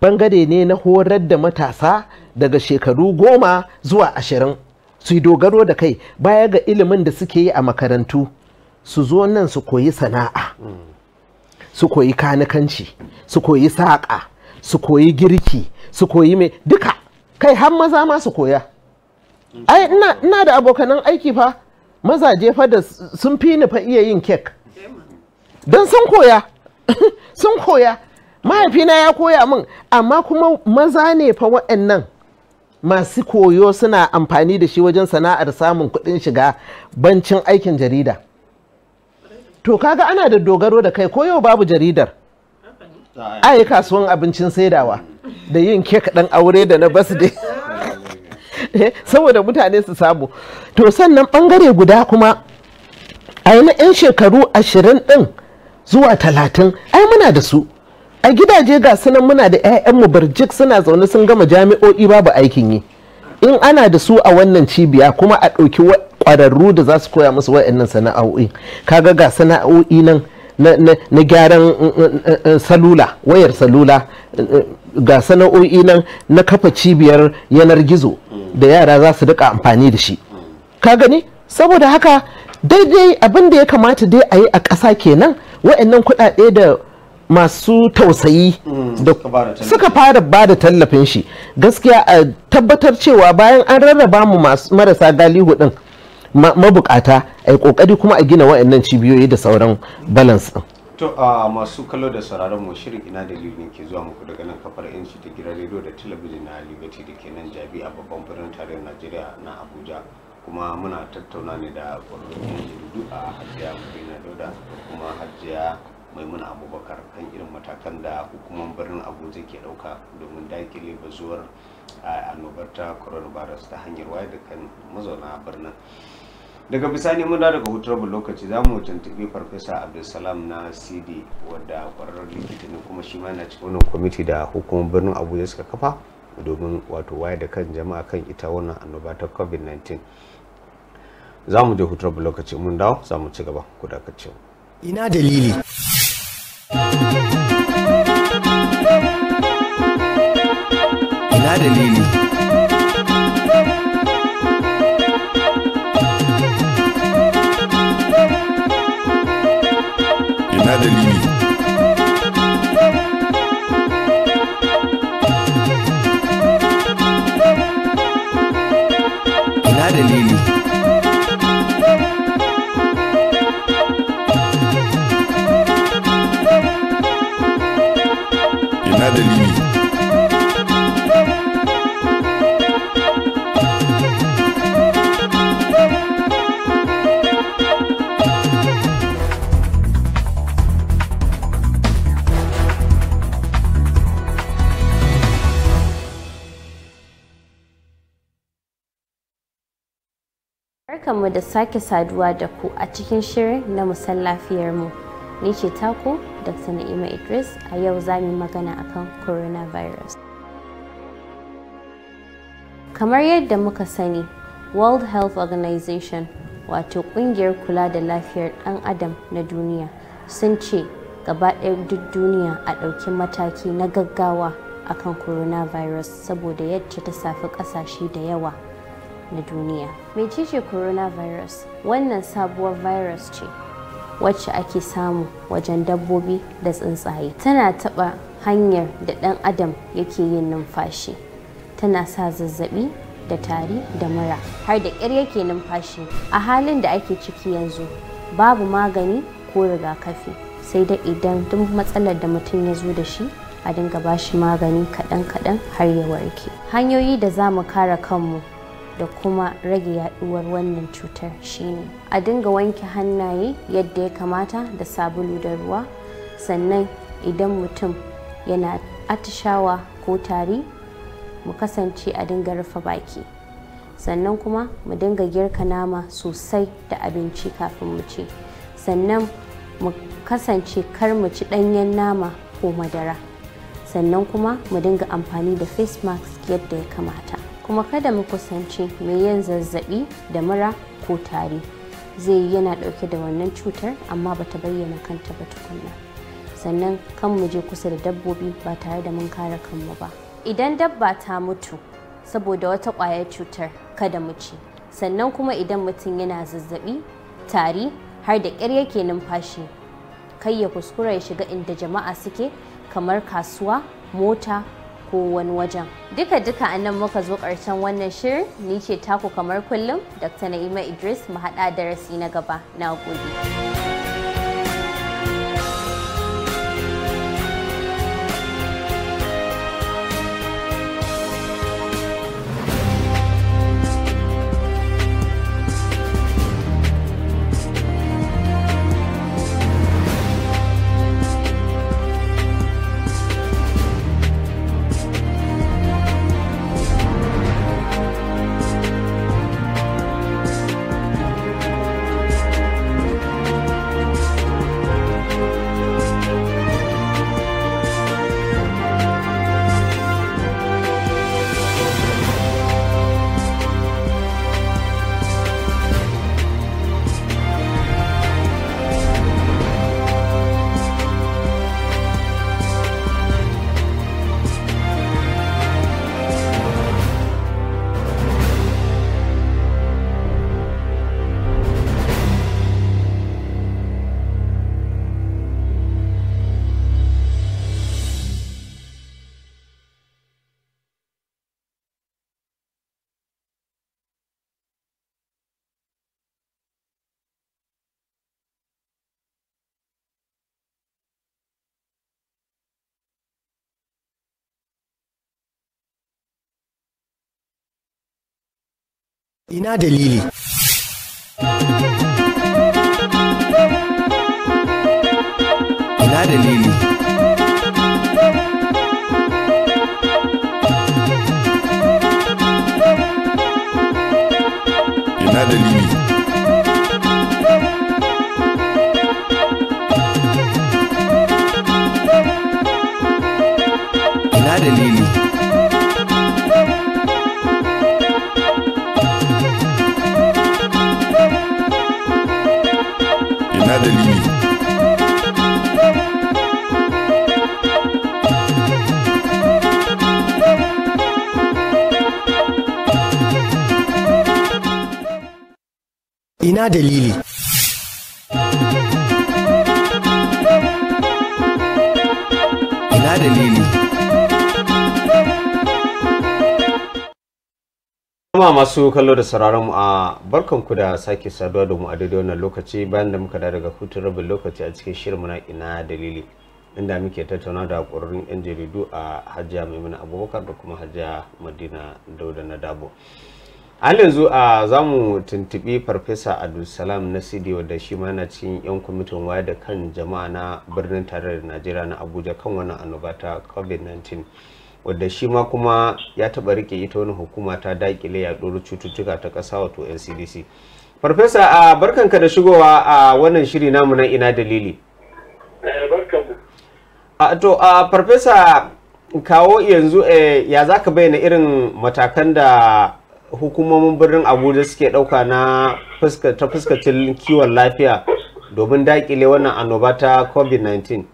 bangare ne na horar da matasa daga shekaru goma zuwa ashirin su yi dogaro da kai baya ga ilimin da suke yi a makarantu su zo nan su koyi sana'a su koyi kanikanci su koyi saƙa su koyi girki su koyi mai duka kai har maza ma su koya ai ina da abokanan aiki fa mazaje fa da sun fi ni fa iya yin kek dan sun koya sun koya mahaifina ya koya min amma kuma maza ne fa waɗannan masu koyo suna amfani da shi wajen sana'ar samun kuɗin shiga bancin aikin jarida to kaga ana da dogaro da kai ko yau babu jaridar ai kasuwan abincin saidawa da yin kek ɗan aure da na birthday eh, saboda mutane su samu to sannan ɓangare guda kuma a na 'yan shekaru ashirin ɗin zuwa talatin ai muna da su a gidaje ga sunan muna da 'ya'yan 'ya'yanmu barjik suna zaune sun gama jami'o'i babu aikin yi in ana da su a wannan cibiya kuma a ɗauki ƙwararru da za su koya musu wa'annan sana'o'i kaga ga sana'o'i nan na gyaran eh, eh, eh, salula wayar salula ga sana'o'i nan na kafa cibiyar yanar gizo da yara za su rika amfani da shi ka gani saboda haka daidai abin da ya kamata dai a yi a ƙasa kenan wa'annan kuɗaɗe da masu tausayi mm, da suka fara ba da tallafin shi gaskiya a tabbatar cewa bayan an rarraba mu marasa galihu din mabukata a kokari kuma a gina wa'annan cibiyoyi da sauran balance to a masu kallo da sauraron mu shirin ina dalilin ke zuwa muku daga nan kafar yanci ta gidan rediyo da talabijin na liberty da ke nan jabi a babban birnin tarayyar najeriya na abuja kuma muna tattauna ne da kwararrun jaridu a hajiya murina dauda da kuma hajiya maimuna abubakar kan irin matakan da hukumar birnin abuja ke dauka domin dakile bazuwar annobar ta coronavirus ta hanyar wayar da kan mazauna birnin daga bisani muna daga hutar lokaci za mu tuntuɓi farfesa abdulsalam na cd wadda kwararren likita ne kuma shi ma na cikin wannan kwamiti da hukumar birnin abuja suka kafa domin wato wayar da kan jama'a kan ita wannan annoba ta covid-19 za mu je hutar lokaci mun dawo za mu ci gaba ku dakace ina dalili ina dalili sake saduwa da ku a cikin shirin na musan lafiyarmu. Ni ce taku Dr. Na'ima Idris a yau za magana akan coronavirus. Kamar yadda muka sani, World Health Organization wato kungiyar kula da lafiyar dan adam na duniya sun ce gaba ɗaya duk duniya a ɗauki mataki na gaggawa akan coronavirus saboda yadda ta safi ƙasashe da yawa. na duniya. Mecece coronavirus? Wannan sabuwar virus ce wacce ake samu wajen dabbobi da tsuntsaye. Tana taɓa hanyar da ɗan adam yake yin numfashi. Tana sa zazzaɓi da tari da mura har da ƙyar yake numfashi. A halin da ake ciki yanzu babu magani ko rigakafi sai dai idan duk matsalar da mutum ya zo da shi a dinga bashi magani kaɗan-kaɗan har ya warke. Hanyoyi da za mu kare kanmu da kuma rage yaduwar wannan cutar shine a dinga wanke hannaye yadda ya kamata da sabulu da ruwa sannan idan mutum yana atishawa ko tari mu kasance a dinga rufe baki sannan kuma mu dinga girka nama sosai da abinci kafin mu ci sannan mu kasance kar mu ci ɗanyen nama ko madara sannan kuma mu dinga amfani da face mask yadda ya kamata kuma kada mu kusanci mai yin zazzabi da mura ko tari zai yi yana dauke da wannan cutar amma bata bayyana kanta ba tukuna. sannan kan mu je kusa da dabbobi ba tare da mun kare kanmu ba idan dabba ta mutu saboda wata ƙwayar cutar kada mu ci sannan kuma idan mutum yana zazzabi tari har da ƙyar yake numfashi kai ya kuskura ya shiga inda jama'a suke kamar kasuwa mota ko wani wajen duka duka a nan muka zo ƙarshen wannan shirin ni ce taku kamar kullum dr na'ima idris mu haɗa darasi na gaba na gode Ina dalili? Ina dalili? ina dalili ina dalili Kuma masu kallo da sauraron mu a barkanku da sake saduwa da mu a daidai wannan lokaci bayan da muka da daga hutun rabin lokaci a cikin shirin na ina dalili inda muke tattauna da ƙwararrun 'yan jaridu a Hajiya Maimuna Abubakar da kuma Hajiya Madina Dauda na Dabo. Hal yanzu a za mu tuntuɓi Farfesa Abdulsalam sidi wadda shi ma yana cikin 'yan kwamitin wayar da kan jama'a na birnin tarayyar Najeriya na Abuja kan wannan annoba ta COVID-19. wadda shi ma kuma ya taɓa rike ita wani hukuma ta daƙile yaɗuwar cututtuka ta ƙasa wato ncdc farfesa a barkanka da shigowa a wannan shiri namu na ina dalili eh, a to a farfesa kawo yanzu eh, ya za ka bayyana irin matakan da hukumomin birnin abuja suke ɗauka na ta fuskacin kiwon lafiya domin daƙile wannan annoba ta covid-19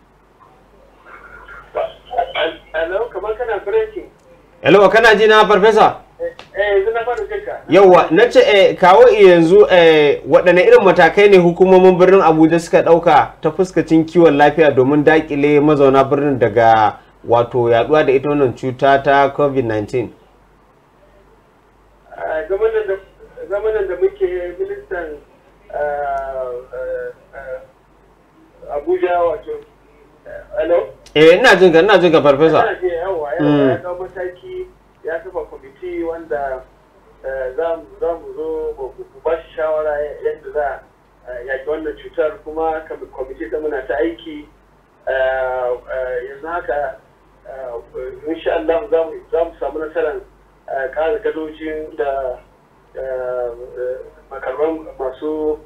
hello kana ji na farfesa eh, eh, yauwa na ce eh, kawo yanzu waɗanne irin matakai ne hukumomin birnin abuja suka ɗauka ta fuskacin kiwon lafiya domin daƙile mazauna birnin daga wato yaduwa da ita wannan cuta ta covid-19 ah, zamanin da muke ministan ah, ah, abuja wato hello eh ina jin ka ina jin ka farfesa yawa mm. ya mataki ya kafa kwamiti wanda eh, za mu zo mu ba shi shawara yadda za a eh, yaki wannan cutar kuma kwamiti ta muna ta aiki eh, yanzu haka insha Allah za mu samu nasarar ƙara gadojin da makarban masu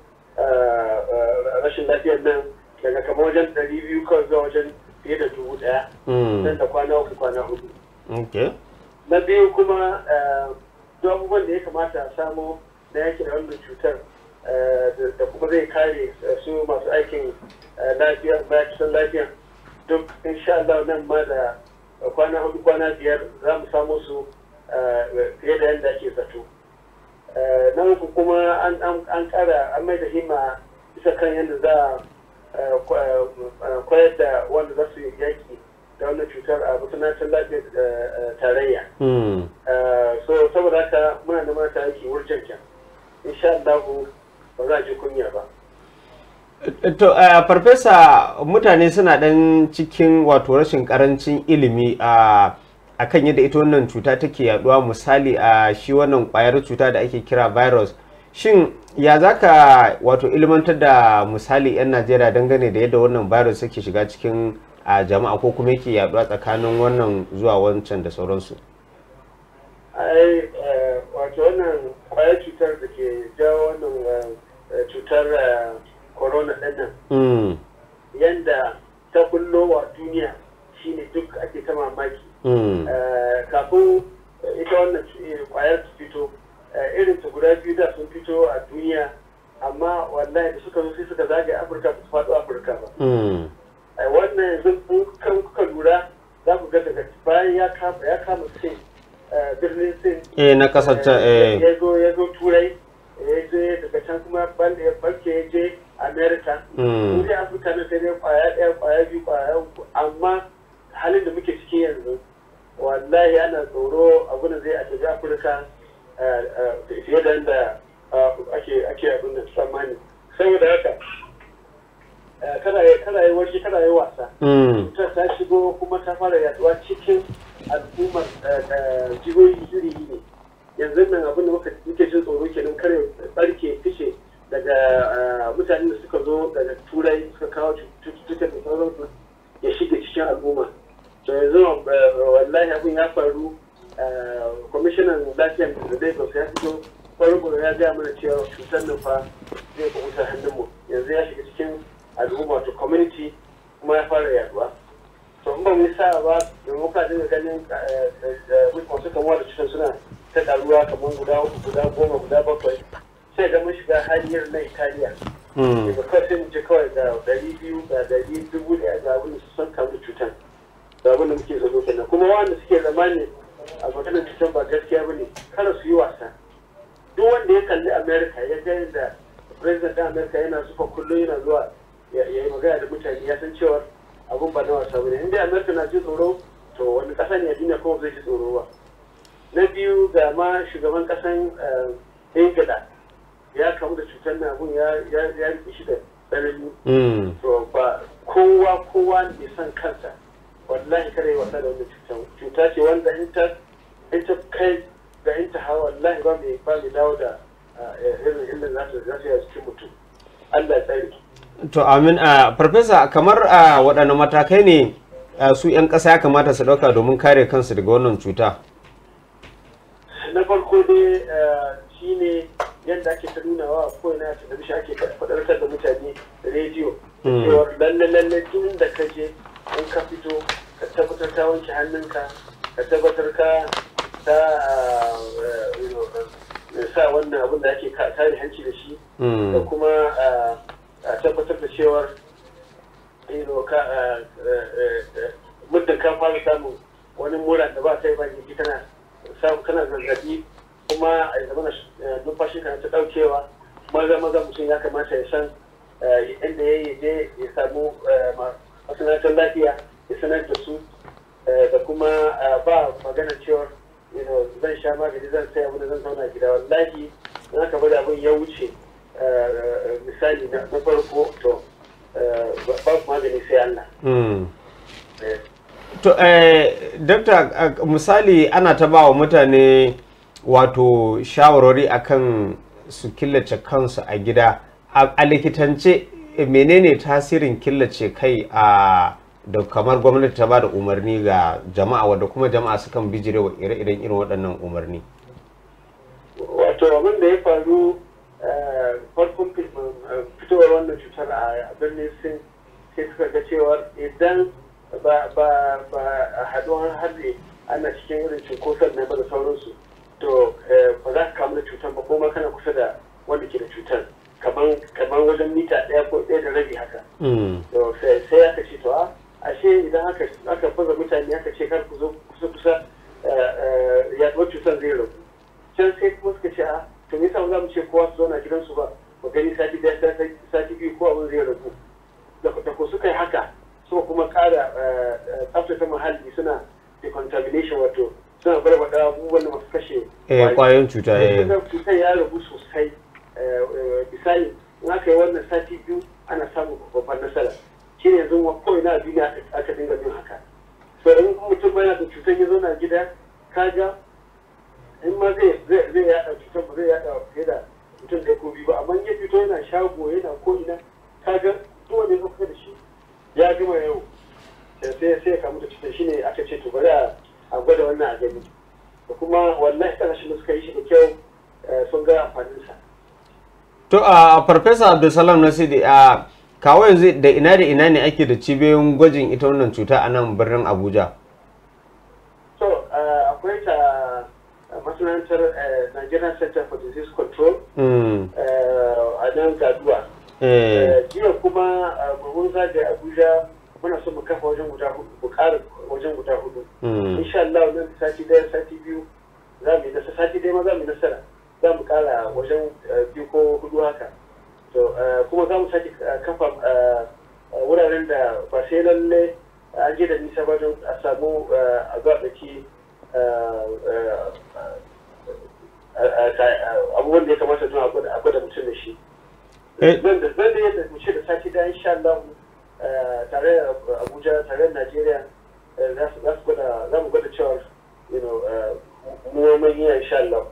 rashin lafiyar nan daga kamar wajen 200 kawai zuwa wajen fiye da dubu daya hmm. nan da kwana uku kwana hudu. na biyu kuma eh, duk abubuwan ya kamata a samu da yaki da wannan cutar eh, da kuma zai kare eh, su masu aikin lafiya bayan cutar lafiya duk insha Allah nan ma da kwana hudu kwana biyar za mu samu su fiye da yadda ake zato na uku kuma an kara an mai da hima bisa kan yadda za a koyar da wanda za su yaki da wannan cutar a masana'antar lafiyar eh, eh, tarayya hmm. eh, so saboda haka muna da mata aiki wurjan kyan insha Allah ba za a ji kunya ba To, uh, Farfesa, mutane suna ɗan cikin wato rashin ƙarancin ilimi a uh, kan yadda ita wannan cuta take yaduwa misali a shi wannan ƙwayar cuta da ake kira virus. Shin ya za ka wato ilmantar da misali 'yan Najeriya dangane da yadda wannan virus take shiga cikin a jama'a ko kuma yake yaduwa tsakanin wannan zuwa wancan da sauransu ai eh, wato wannan kwayar cutar da ke jawo wannan eh, cutar eh, corona ɗin nan mm. yanda ta kullo wa duniya shine duk ake ta mamaki mm. kafin ita wannan kwayar su fito irin ta guda biyu da sun fito a duniya amma wallahi da suka zo sai suka zagaye afirka ba su faɗo afirka ba mm. wannan yanzu in kuka lura za ku ga daga bayan ya kama ya kama ce eh, birnin sin eh na kasar ta eh, eh ya zo turai eh, ya je daga can kuma banda ya barke ya je america mm sai afirka na sai dai kwaya daya kwaya biyu kwaya uku amma halin da muke ciki yanzu wallahi ana tsoro abin da zai a tafi afirka fiye da yadda ake abin da tsammani saboda haka Eh, kada yi warke kada yi wasa hmm. cutar ta shigo kuma ta fara yaduwa cikin al'ummar eh, eh, jihohi iri ne yanzu nan abin da muke jin tsoro kenan kare barke fice daga mutanen da suka zo daga turai suka kawo cututtukan da sauransu ya shiga cikin al'umma to yanzu wallahi abin ya faru kwamishinan lafiyar da lagos ya fito farko ya gaya mana cewa cutar nan fa zai kubutar hannunmu yanzu ya shiga cikin al'umma to community kuma ya fara yaduwa to in ba mu sa ba da muka dinga ganin eh, eh, mutum suka kamuwa da cutar suna ta karuwa kamar guda uku guda goma guda bakwai sai da mun shiga hanyar na italiya da hmm. kawai sai mu je kawai da dari biyu da dari dubu da ga abin su sun kamu cutar da abin da muke zato kenan kuma wanda suke zama ne a maganar cutar ba gaskiya ba ne kada su yi wasa duk wanda ya kalli america ya ga yadda president america yana zufa kullum yana zuwa ya yi magana da mutane ya san cewa abun ba na wasa bane inda amerika na ji tsoro to wani kasa ne a duniya kuma zai ji tsoro ba na biyu ga ma shugaban kasan eh, ingila ya kamu da cutar na abun ya riƙe shi da tsanani hmm. to ba kowa kowa ne san kansa wallahi kada yi wasa da wannan cutar cuta ce wanda in ta kai da in ta hawa wallahi ba mai ba mai dawo da eh, irin illan nasu da zasu yi a cikin mutum Allah ya tsare to amin a ah, farfesa kamar a ah, waɗanne matakai ne ah, su 'yan ƙasa ya kamata su ɗauka domin kare kansu daga wannan cuta na farko dai shi ne yadda ake ta nunawa a kowane a talabishin ake faɗarkar da mutane rediyo hmm. cewar lalle lalle tun da ka je in ka fito ka tabbatar ta wanke hannunka ka tabbatar ka ta sa wannan abin da ake kare hanci da shi hmm. da kuma a tabbatar da cewa eh, eh, eh, muddin ka fara samun wani mura da ba sai ba jiki tana kana zazzabi kuma a zamana numfashi kana ta daukewa maza maza mutum ya kamata ya san inda ya yi ya samu masana'antar lafiya ya sanar da su da kuma ba magana cewar zan sha magani zan saya wani zan zauna gida wallahi na ka bada abin ya wuce misali na farko to eh, babu magani sai Allah. Hmm. Eh. To, eh, Dokta, misali ana ta ba wa mutane wato shawarwari akan su killace kansu a gida. A likitance, menene tasirin killace kai a da kamar gwamnati ta ba da umarni ga jama'a wadda kuma jama'a sukan bijire wa ire-iren irin waɗannan umarni? Wato, abin da ya faru farkon eh, fitowar wannan cutar a birnin sin sai suka ga cewa idan ba a haɗuwar harbe ana cikin irin cinkoson na sauransu to eh, ba za ka kamu da cutar ba ko kana kusa da wanda ke da cutar kaman wajen mita ɗaya ko ɗaya da rabi haka hmm. to sai aka ce to a ah, ashe idan aka baza mutane aka ce kar ku zo kusa kusa eh, yaduwar cutar zai rabu can sai kuma suka ce a ah, to me yasa za ce kowa su zauna gidansu ba ba gani sati daya sati biyu ko abin zai ragu da ko suka yi haka suka kuma kara eh, tsaftace muhalli suna decontamination wato suna barbada abubuwan da masu kashe kwayoyin eh, cuta ya eh. cutar ya ragu sosai misali in aka yi wannan sati biyu ana samun babban nasara shi ne yanzu kawai na duniya aka dinga bin haka so in mutum bayan da cutar ya zauna gida kaga farfesa abdulsalam nasidi a kawo yanzu da ina da ina ne ake da cibiyoyin gwajin ita wannan cuta a nan birnin abuja so uh, akwai ta masanantar uh, nigerian center for disease control hmm. uh, a nan gaduwa eh. jiya kuma mun zagaya abuja muna so mu kafa wajen guda hudu mu ƙara wajen guda hudu hmm. insha Allah nan sati daya sati biyu za mu yi nasara sati daya ma za mu yi nasara za mu ƙara wajen biyu ko hudu haka to eh, kuma za mu sake eh, kafa eh, wuraren da ba sai lalle an je da nisa ba don a samu a ke abubuwan da ya kamata don a gwada mutum da shi zan da yadda mace da sati da insha Allah tare da Abuja tare da Najeriya za mu gwada cewar mu mai yi insha Allah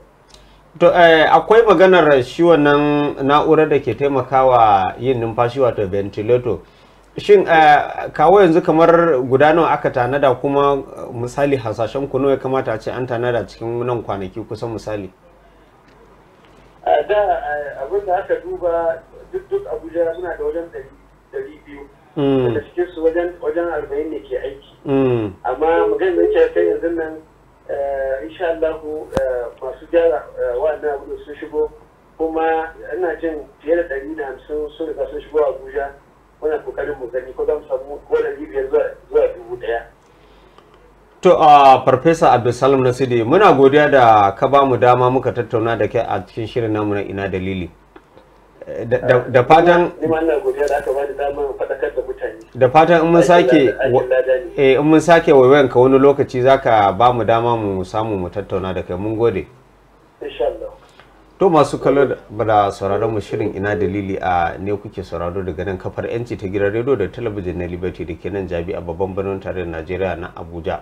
To eh, akwai maganar shi wannan na'urar da ke taimakawa yin numfashi wato ventilator. Shin eh, kawo yanzu kamar guda nawa aka tanada kuma eh, misali hasashen ku nawa ya kamata a ce an tanada cikin nan kwanaki kusan misali? A da abin da aka duba duk duk Abuja muna da wajen ɗari biyu. Mm. Daga cikin su wajen arba'in ne ke aiki. Mm. Amma maganar da ke yanzu nan Eh, insha Allah eh, masu gyara eh, wa'annan abu sun shigo kuma ina jin fiye da ɗari da hamsin sun riga sun shigo Abuja muna kokarin mu gani ko za mu samu ko da biyar zuwa dubu ɗaya. To a Farfesa Abdulsalam Nasidi muna godiya da ka bamu dama muka tattauna da kai a cikin shirin namu na ina dalili. da fatan da fatan in mun sake eh in mun sake wayoyin ka wani lokaci zaka ba mu dama mu samu mu tattauna da kai mun gode insha to masu kallo da sauraron mu shirin ina dalili a ne kuke sauraro daga nan kafar yanci ta gidan rediyo da talabijin na Liberty da ke nan Jabi a babban birnin tarayyar Najeriya na Abuja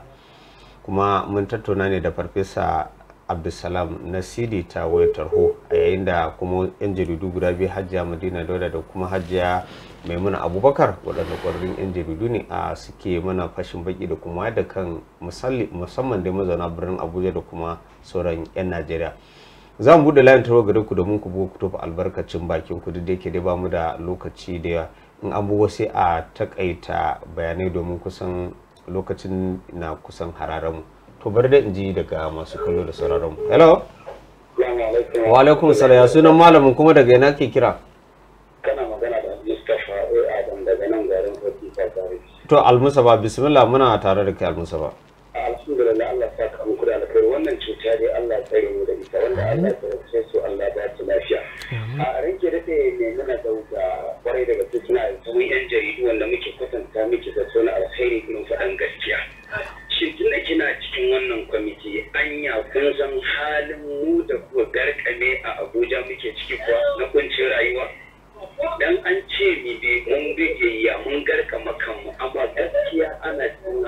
kuma mun tattauna ne da farfesa abdulsalam na sidi ta wayar tarho a yayin da kuma yan jaridu guda biyu hajiya madina dauda da kuma hajiya maimuna abubakar waɗanda ƙwararrun yan jaridu ne a suke mana fashin baki da kuma da kan musamman da mazauna birnin abuja da kuma sauran yan najeriya za mu buɗe layin tarho gare ku domin ku buga ku albarkacin bakin ku duk da yake dai ba mu da lokaci da in an bugo sai a takaita bayanai domin kusan lokacin na kusan hararen mu ku bar da inji daga masu kallo da sauraron mu hello wa alaikum salam ya sunan malamin kuma daga yana ke kira kana magana da Mustafa Adam daga nan garin Kogi to almusaba bismillah muna tare da kai almusaba alhamdulillah Allah ya saka muku da alkhairi wannan cuta dai Allah ya tsare mu da ita wanda Allah ya tsare su Allah ya ta lafiya a rinke da sai ne muna dauka kwarai daga suna zuwa yan jaridu wanda muke kwatanta muke da sunan alkhairi mun faɗan gaskiya shin da kina cikin wannan kwamiti anya kun san halin mu da kuwa garkame a abuja muke ciki kuwa na kuncin rayuwa dan an ce ni bi mun bige ya mun garkama kanmu amma gaskiya ana tuna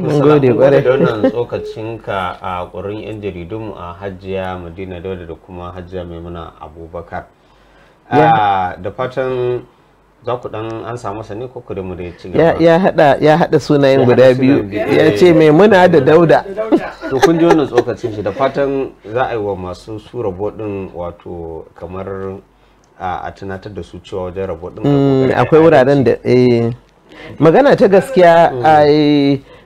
mun gode kwarai da wannan tsokacin ka a ƙurin yan jaridun a Hajiya Madina Dauda da kuma Hajiya Maimuna Abubakar da fatan za ku dan an samu sani ko kudin mu da ci gaba ya hada ya hada sunayen guda biyu ya ce Maimuna da Dauda to kun ji wannan tsokacin shi da fatan za a wa masu su rabo din wato kamar a tunatar da su cewa wajen rabo din mm, akwai wuraren da eh. magana ta gaskiya mm. a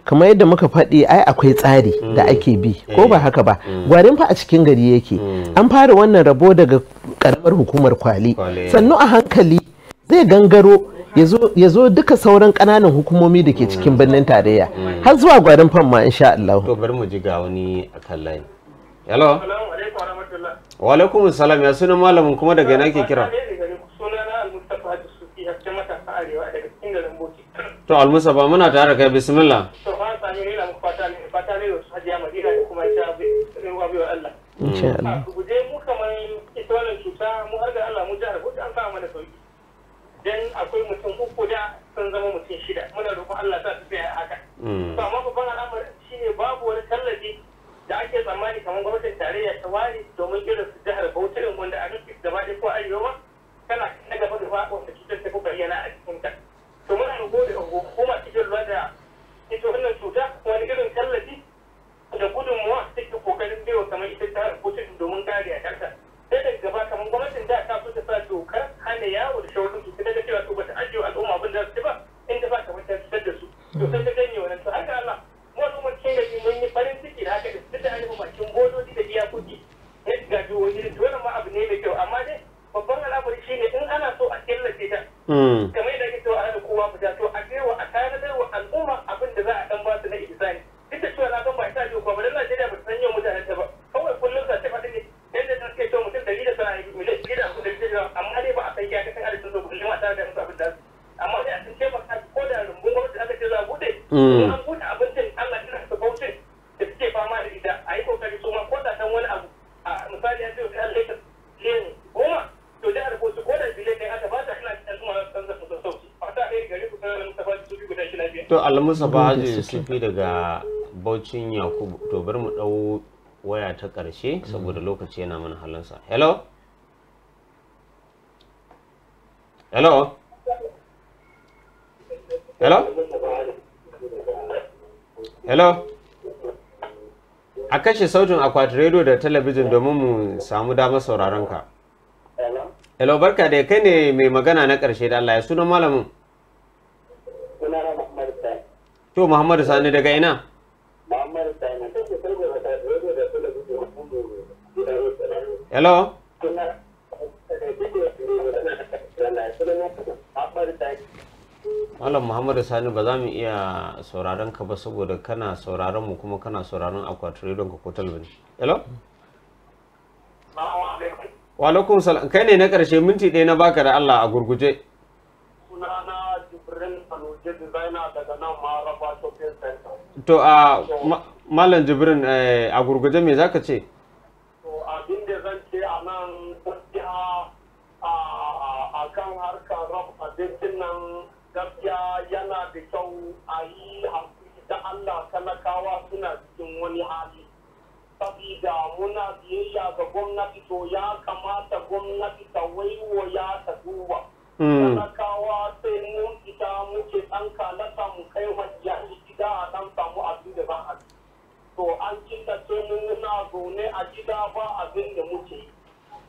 kamar yadda muka faɗi ai akwai tsari mm. da ake bi ko ba eh. haka ba mm. gwarin fa a cikin gari yake mm. an fara wannan rabo daga karamar hukumar kwali sannu a hankali zai gangaro ya zo duka sauran ƙananan hukumomi da ke cikin birnin tarayya har zuwa gwarin fan ma insha Allah to bari mu ji ga wani akan hello wa alaikum salam ya sunan malamin kuma daga ina ke kira to almusa ba muna tare da kai bismillah insha mm. Allah ku je mu kamar ita wannan cuta mu har da Allah mu ji har an sa mana sauki dan akwai mutum uku da sun zama mutum shida muna roƙon Allah ta tsaya haka mm. to amma babban al'amari shine babu wani tallafi da ake tsammani kamar gwamnatin tarayya ta ware domin irin su jihar Bauchi muka ba zai sufi daga Baucin Yakubu to bari mu dau waya ta ƙarshe saboda lokaci yana mana halinsa. Hello? Hello? Hello? Hello? A kashe sautin akwati rediyo da talabijin domin mu samu damar sauraron ka. Hello, barka da kai ne mai magana na ƙarshe da Allah ya sunan malamin. to muhammadu sani daga ina muhammadu sani ke sai da da da da hello Malam Muhammadu Sani ba za mu iya sauraron ka ba saboda kana sauraron mu kuma kana sauraron akwatin rediyon ka ko talabin. Hello? Wa salam. Kai ne na ƙarshe minti ɗaya na baka da Allah a gurguje. Sunana Jibrin Aluje Designer daga nan Mara to a malam jibrin eh, a gurguje me zaka ce to abin da zan ce a nan gaskiya a kan harkar rab abincin nan gaskiya yana da kyau a yi hankali da allah talakawa suna cikin wani hali sabida muna biyayya ga gwamnati to ya kamata gwamnati ta waiwaya ta duba hmm. talakawa sai mun fita muke ɗan kalata mu kai wa gida a ɗan to an killace mu muna zaune a gida ba abin da muke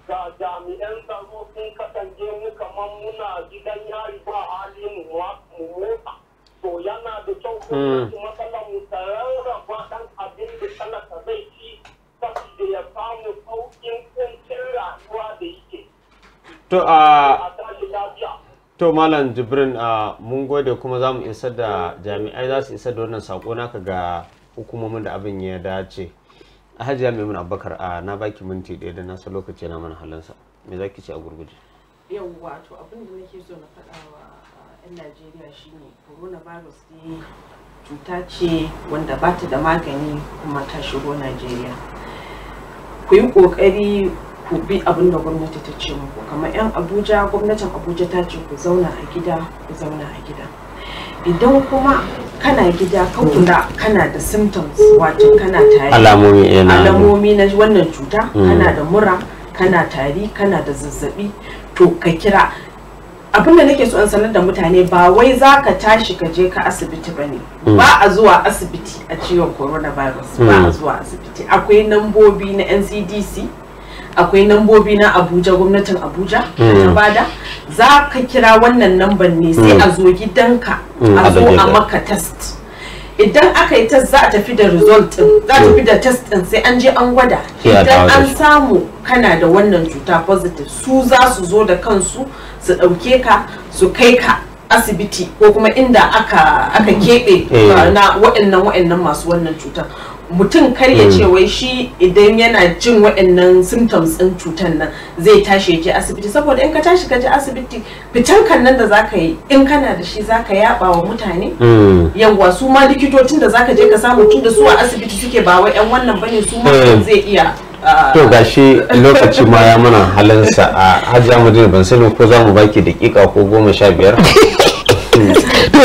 ga jami'an tsaro sun kasance mu kamar muna gidan yari ba hali mu motsa to yana da kyau ko hmm. wasu matsalar mu ta rarraba dan abin da talaka zai ci saboda ya samu sauƙin kuncin rayuwa da yake to a To Malam Jibrin mun gode kuma za mu isar da jami'ai za su isar da wannan saƙo naka ga hukumomin da abin ya dace a hajiya maimun abubakar a na baki minti ɗaya da nasa lokaci na mana halinsa me za ki ce a gurguje yawwa to abin da nake so na faɗa wa 'yan najeriya shine coronavirus dai cuta ce wanda ba ta da magani kuma ta shigo najeriya ku yi ƙoƙari ku bi abin da gwamnati ta ce muku kamar 'yan abuja gwamnatin abuja ta ce ku zauna a gida ku zauna a gida idan kuma kana gida ka kula kana da symptoms wato kana tari alamomi eh, alamomi na wannan cuta hmm. kana da mura kana tari kana da zazzabi to ka kira abin da nake so in sanar da mutane ba wai za ka tashi ka je ka asibiti ba ne hmm. ba a zuwa asibiti a ciwon coronavirus ba a hmm. zuwa asibiti akwai nambobi na ncdc akwai lambobi na abuja gwamnatin abuja hmm. ta bada za ka kira wannan number ne sai hmm. a zo gidanka hmm, a zo a maka test idan aka yi test za a tafi da result din za a tafi da test din sai an je an gwada idan an samu kana da wannan cuta positive su za su zo da kansu su ɗauke ka su kai ka asibiti ko kuma inda aka aka keɓe na waɗannan waɗannan masu wannan cutar mutum kar ya ce hmm. wai shi idan yana jin waɗannan symptoms ɗin cutar nan zai tashi je asibiti saboda in ka tashi ka je asibiti fitan kan nan da zaka yi in kana da shi zaka yaba wa mutane hmm. yawwa su ma likitocin da zaka je ka samu tun da su a asibiti suke ba wai yan wannan bane su ma hmm. zai iya to gashi lokaci ma ya mana sa a hajji amadu ban sani ko za mu baki dakika ko goma sha biyar to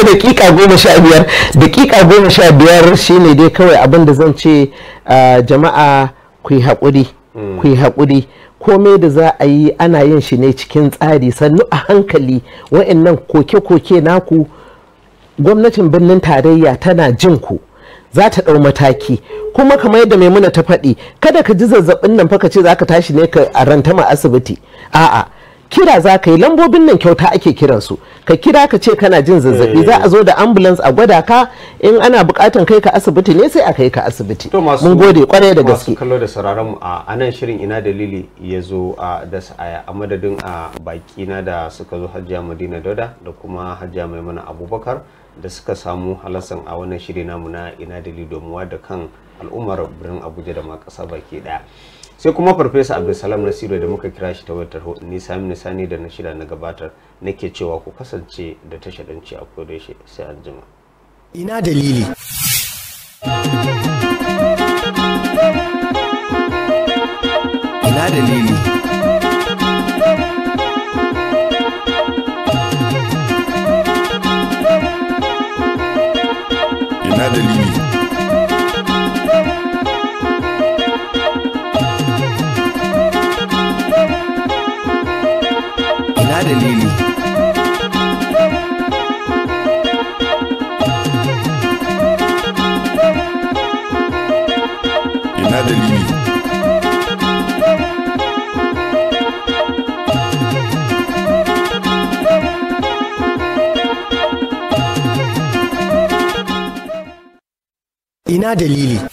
dakika goma sha biyar dakika goma sha biyar shine dai kawai abin da zan ce jama'a ku yi haƙuri mm. ku yi haƙuri komai da za a yi ana yin shi ne cikin tsari sannu a hankali wa'annan koke-koke naku gwamnatin birnin tarayya tana jin ku za ta ɗau mataki kuma kamar yadda maimuna ta faɗi kada ka ji zazzabin nan fa ka ce za ka tashi ne ka rantama asibiti a'a kira za ka yi lambobin nan kyauta ake kiransu ka kira ka ce kana jin zazzabi eh. za a zo da ambulance a gwada ka in ana bukatan kai ka asibiti ne sai a kai ka asibiti mun gode kwarai da gaske masu kallo da sauraron mu a nan shirin ina dalili ya zo a da sa'aya a madadin a baki na da suka zo hajjiya madina dauda da kuma hajjiya maimuna abubakar da suka samu halassan a wannan shiri namu na ina dalili domin da kan al'ummar birnin abuja da ma ƙasa baki ɗaya sai kuma farfesa abdulsalam nasiru da muka kira shi ta wayar tarho ni sami sani da na shida na gabatar nake cewa ku kasance da tashadanci a kodayaushe sai an ina dalili ina dalili ma dalili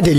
degli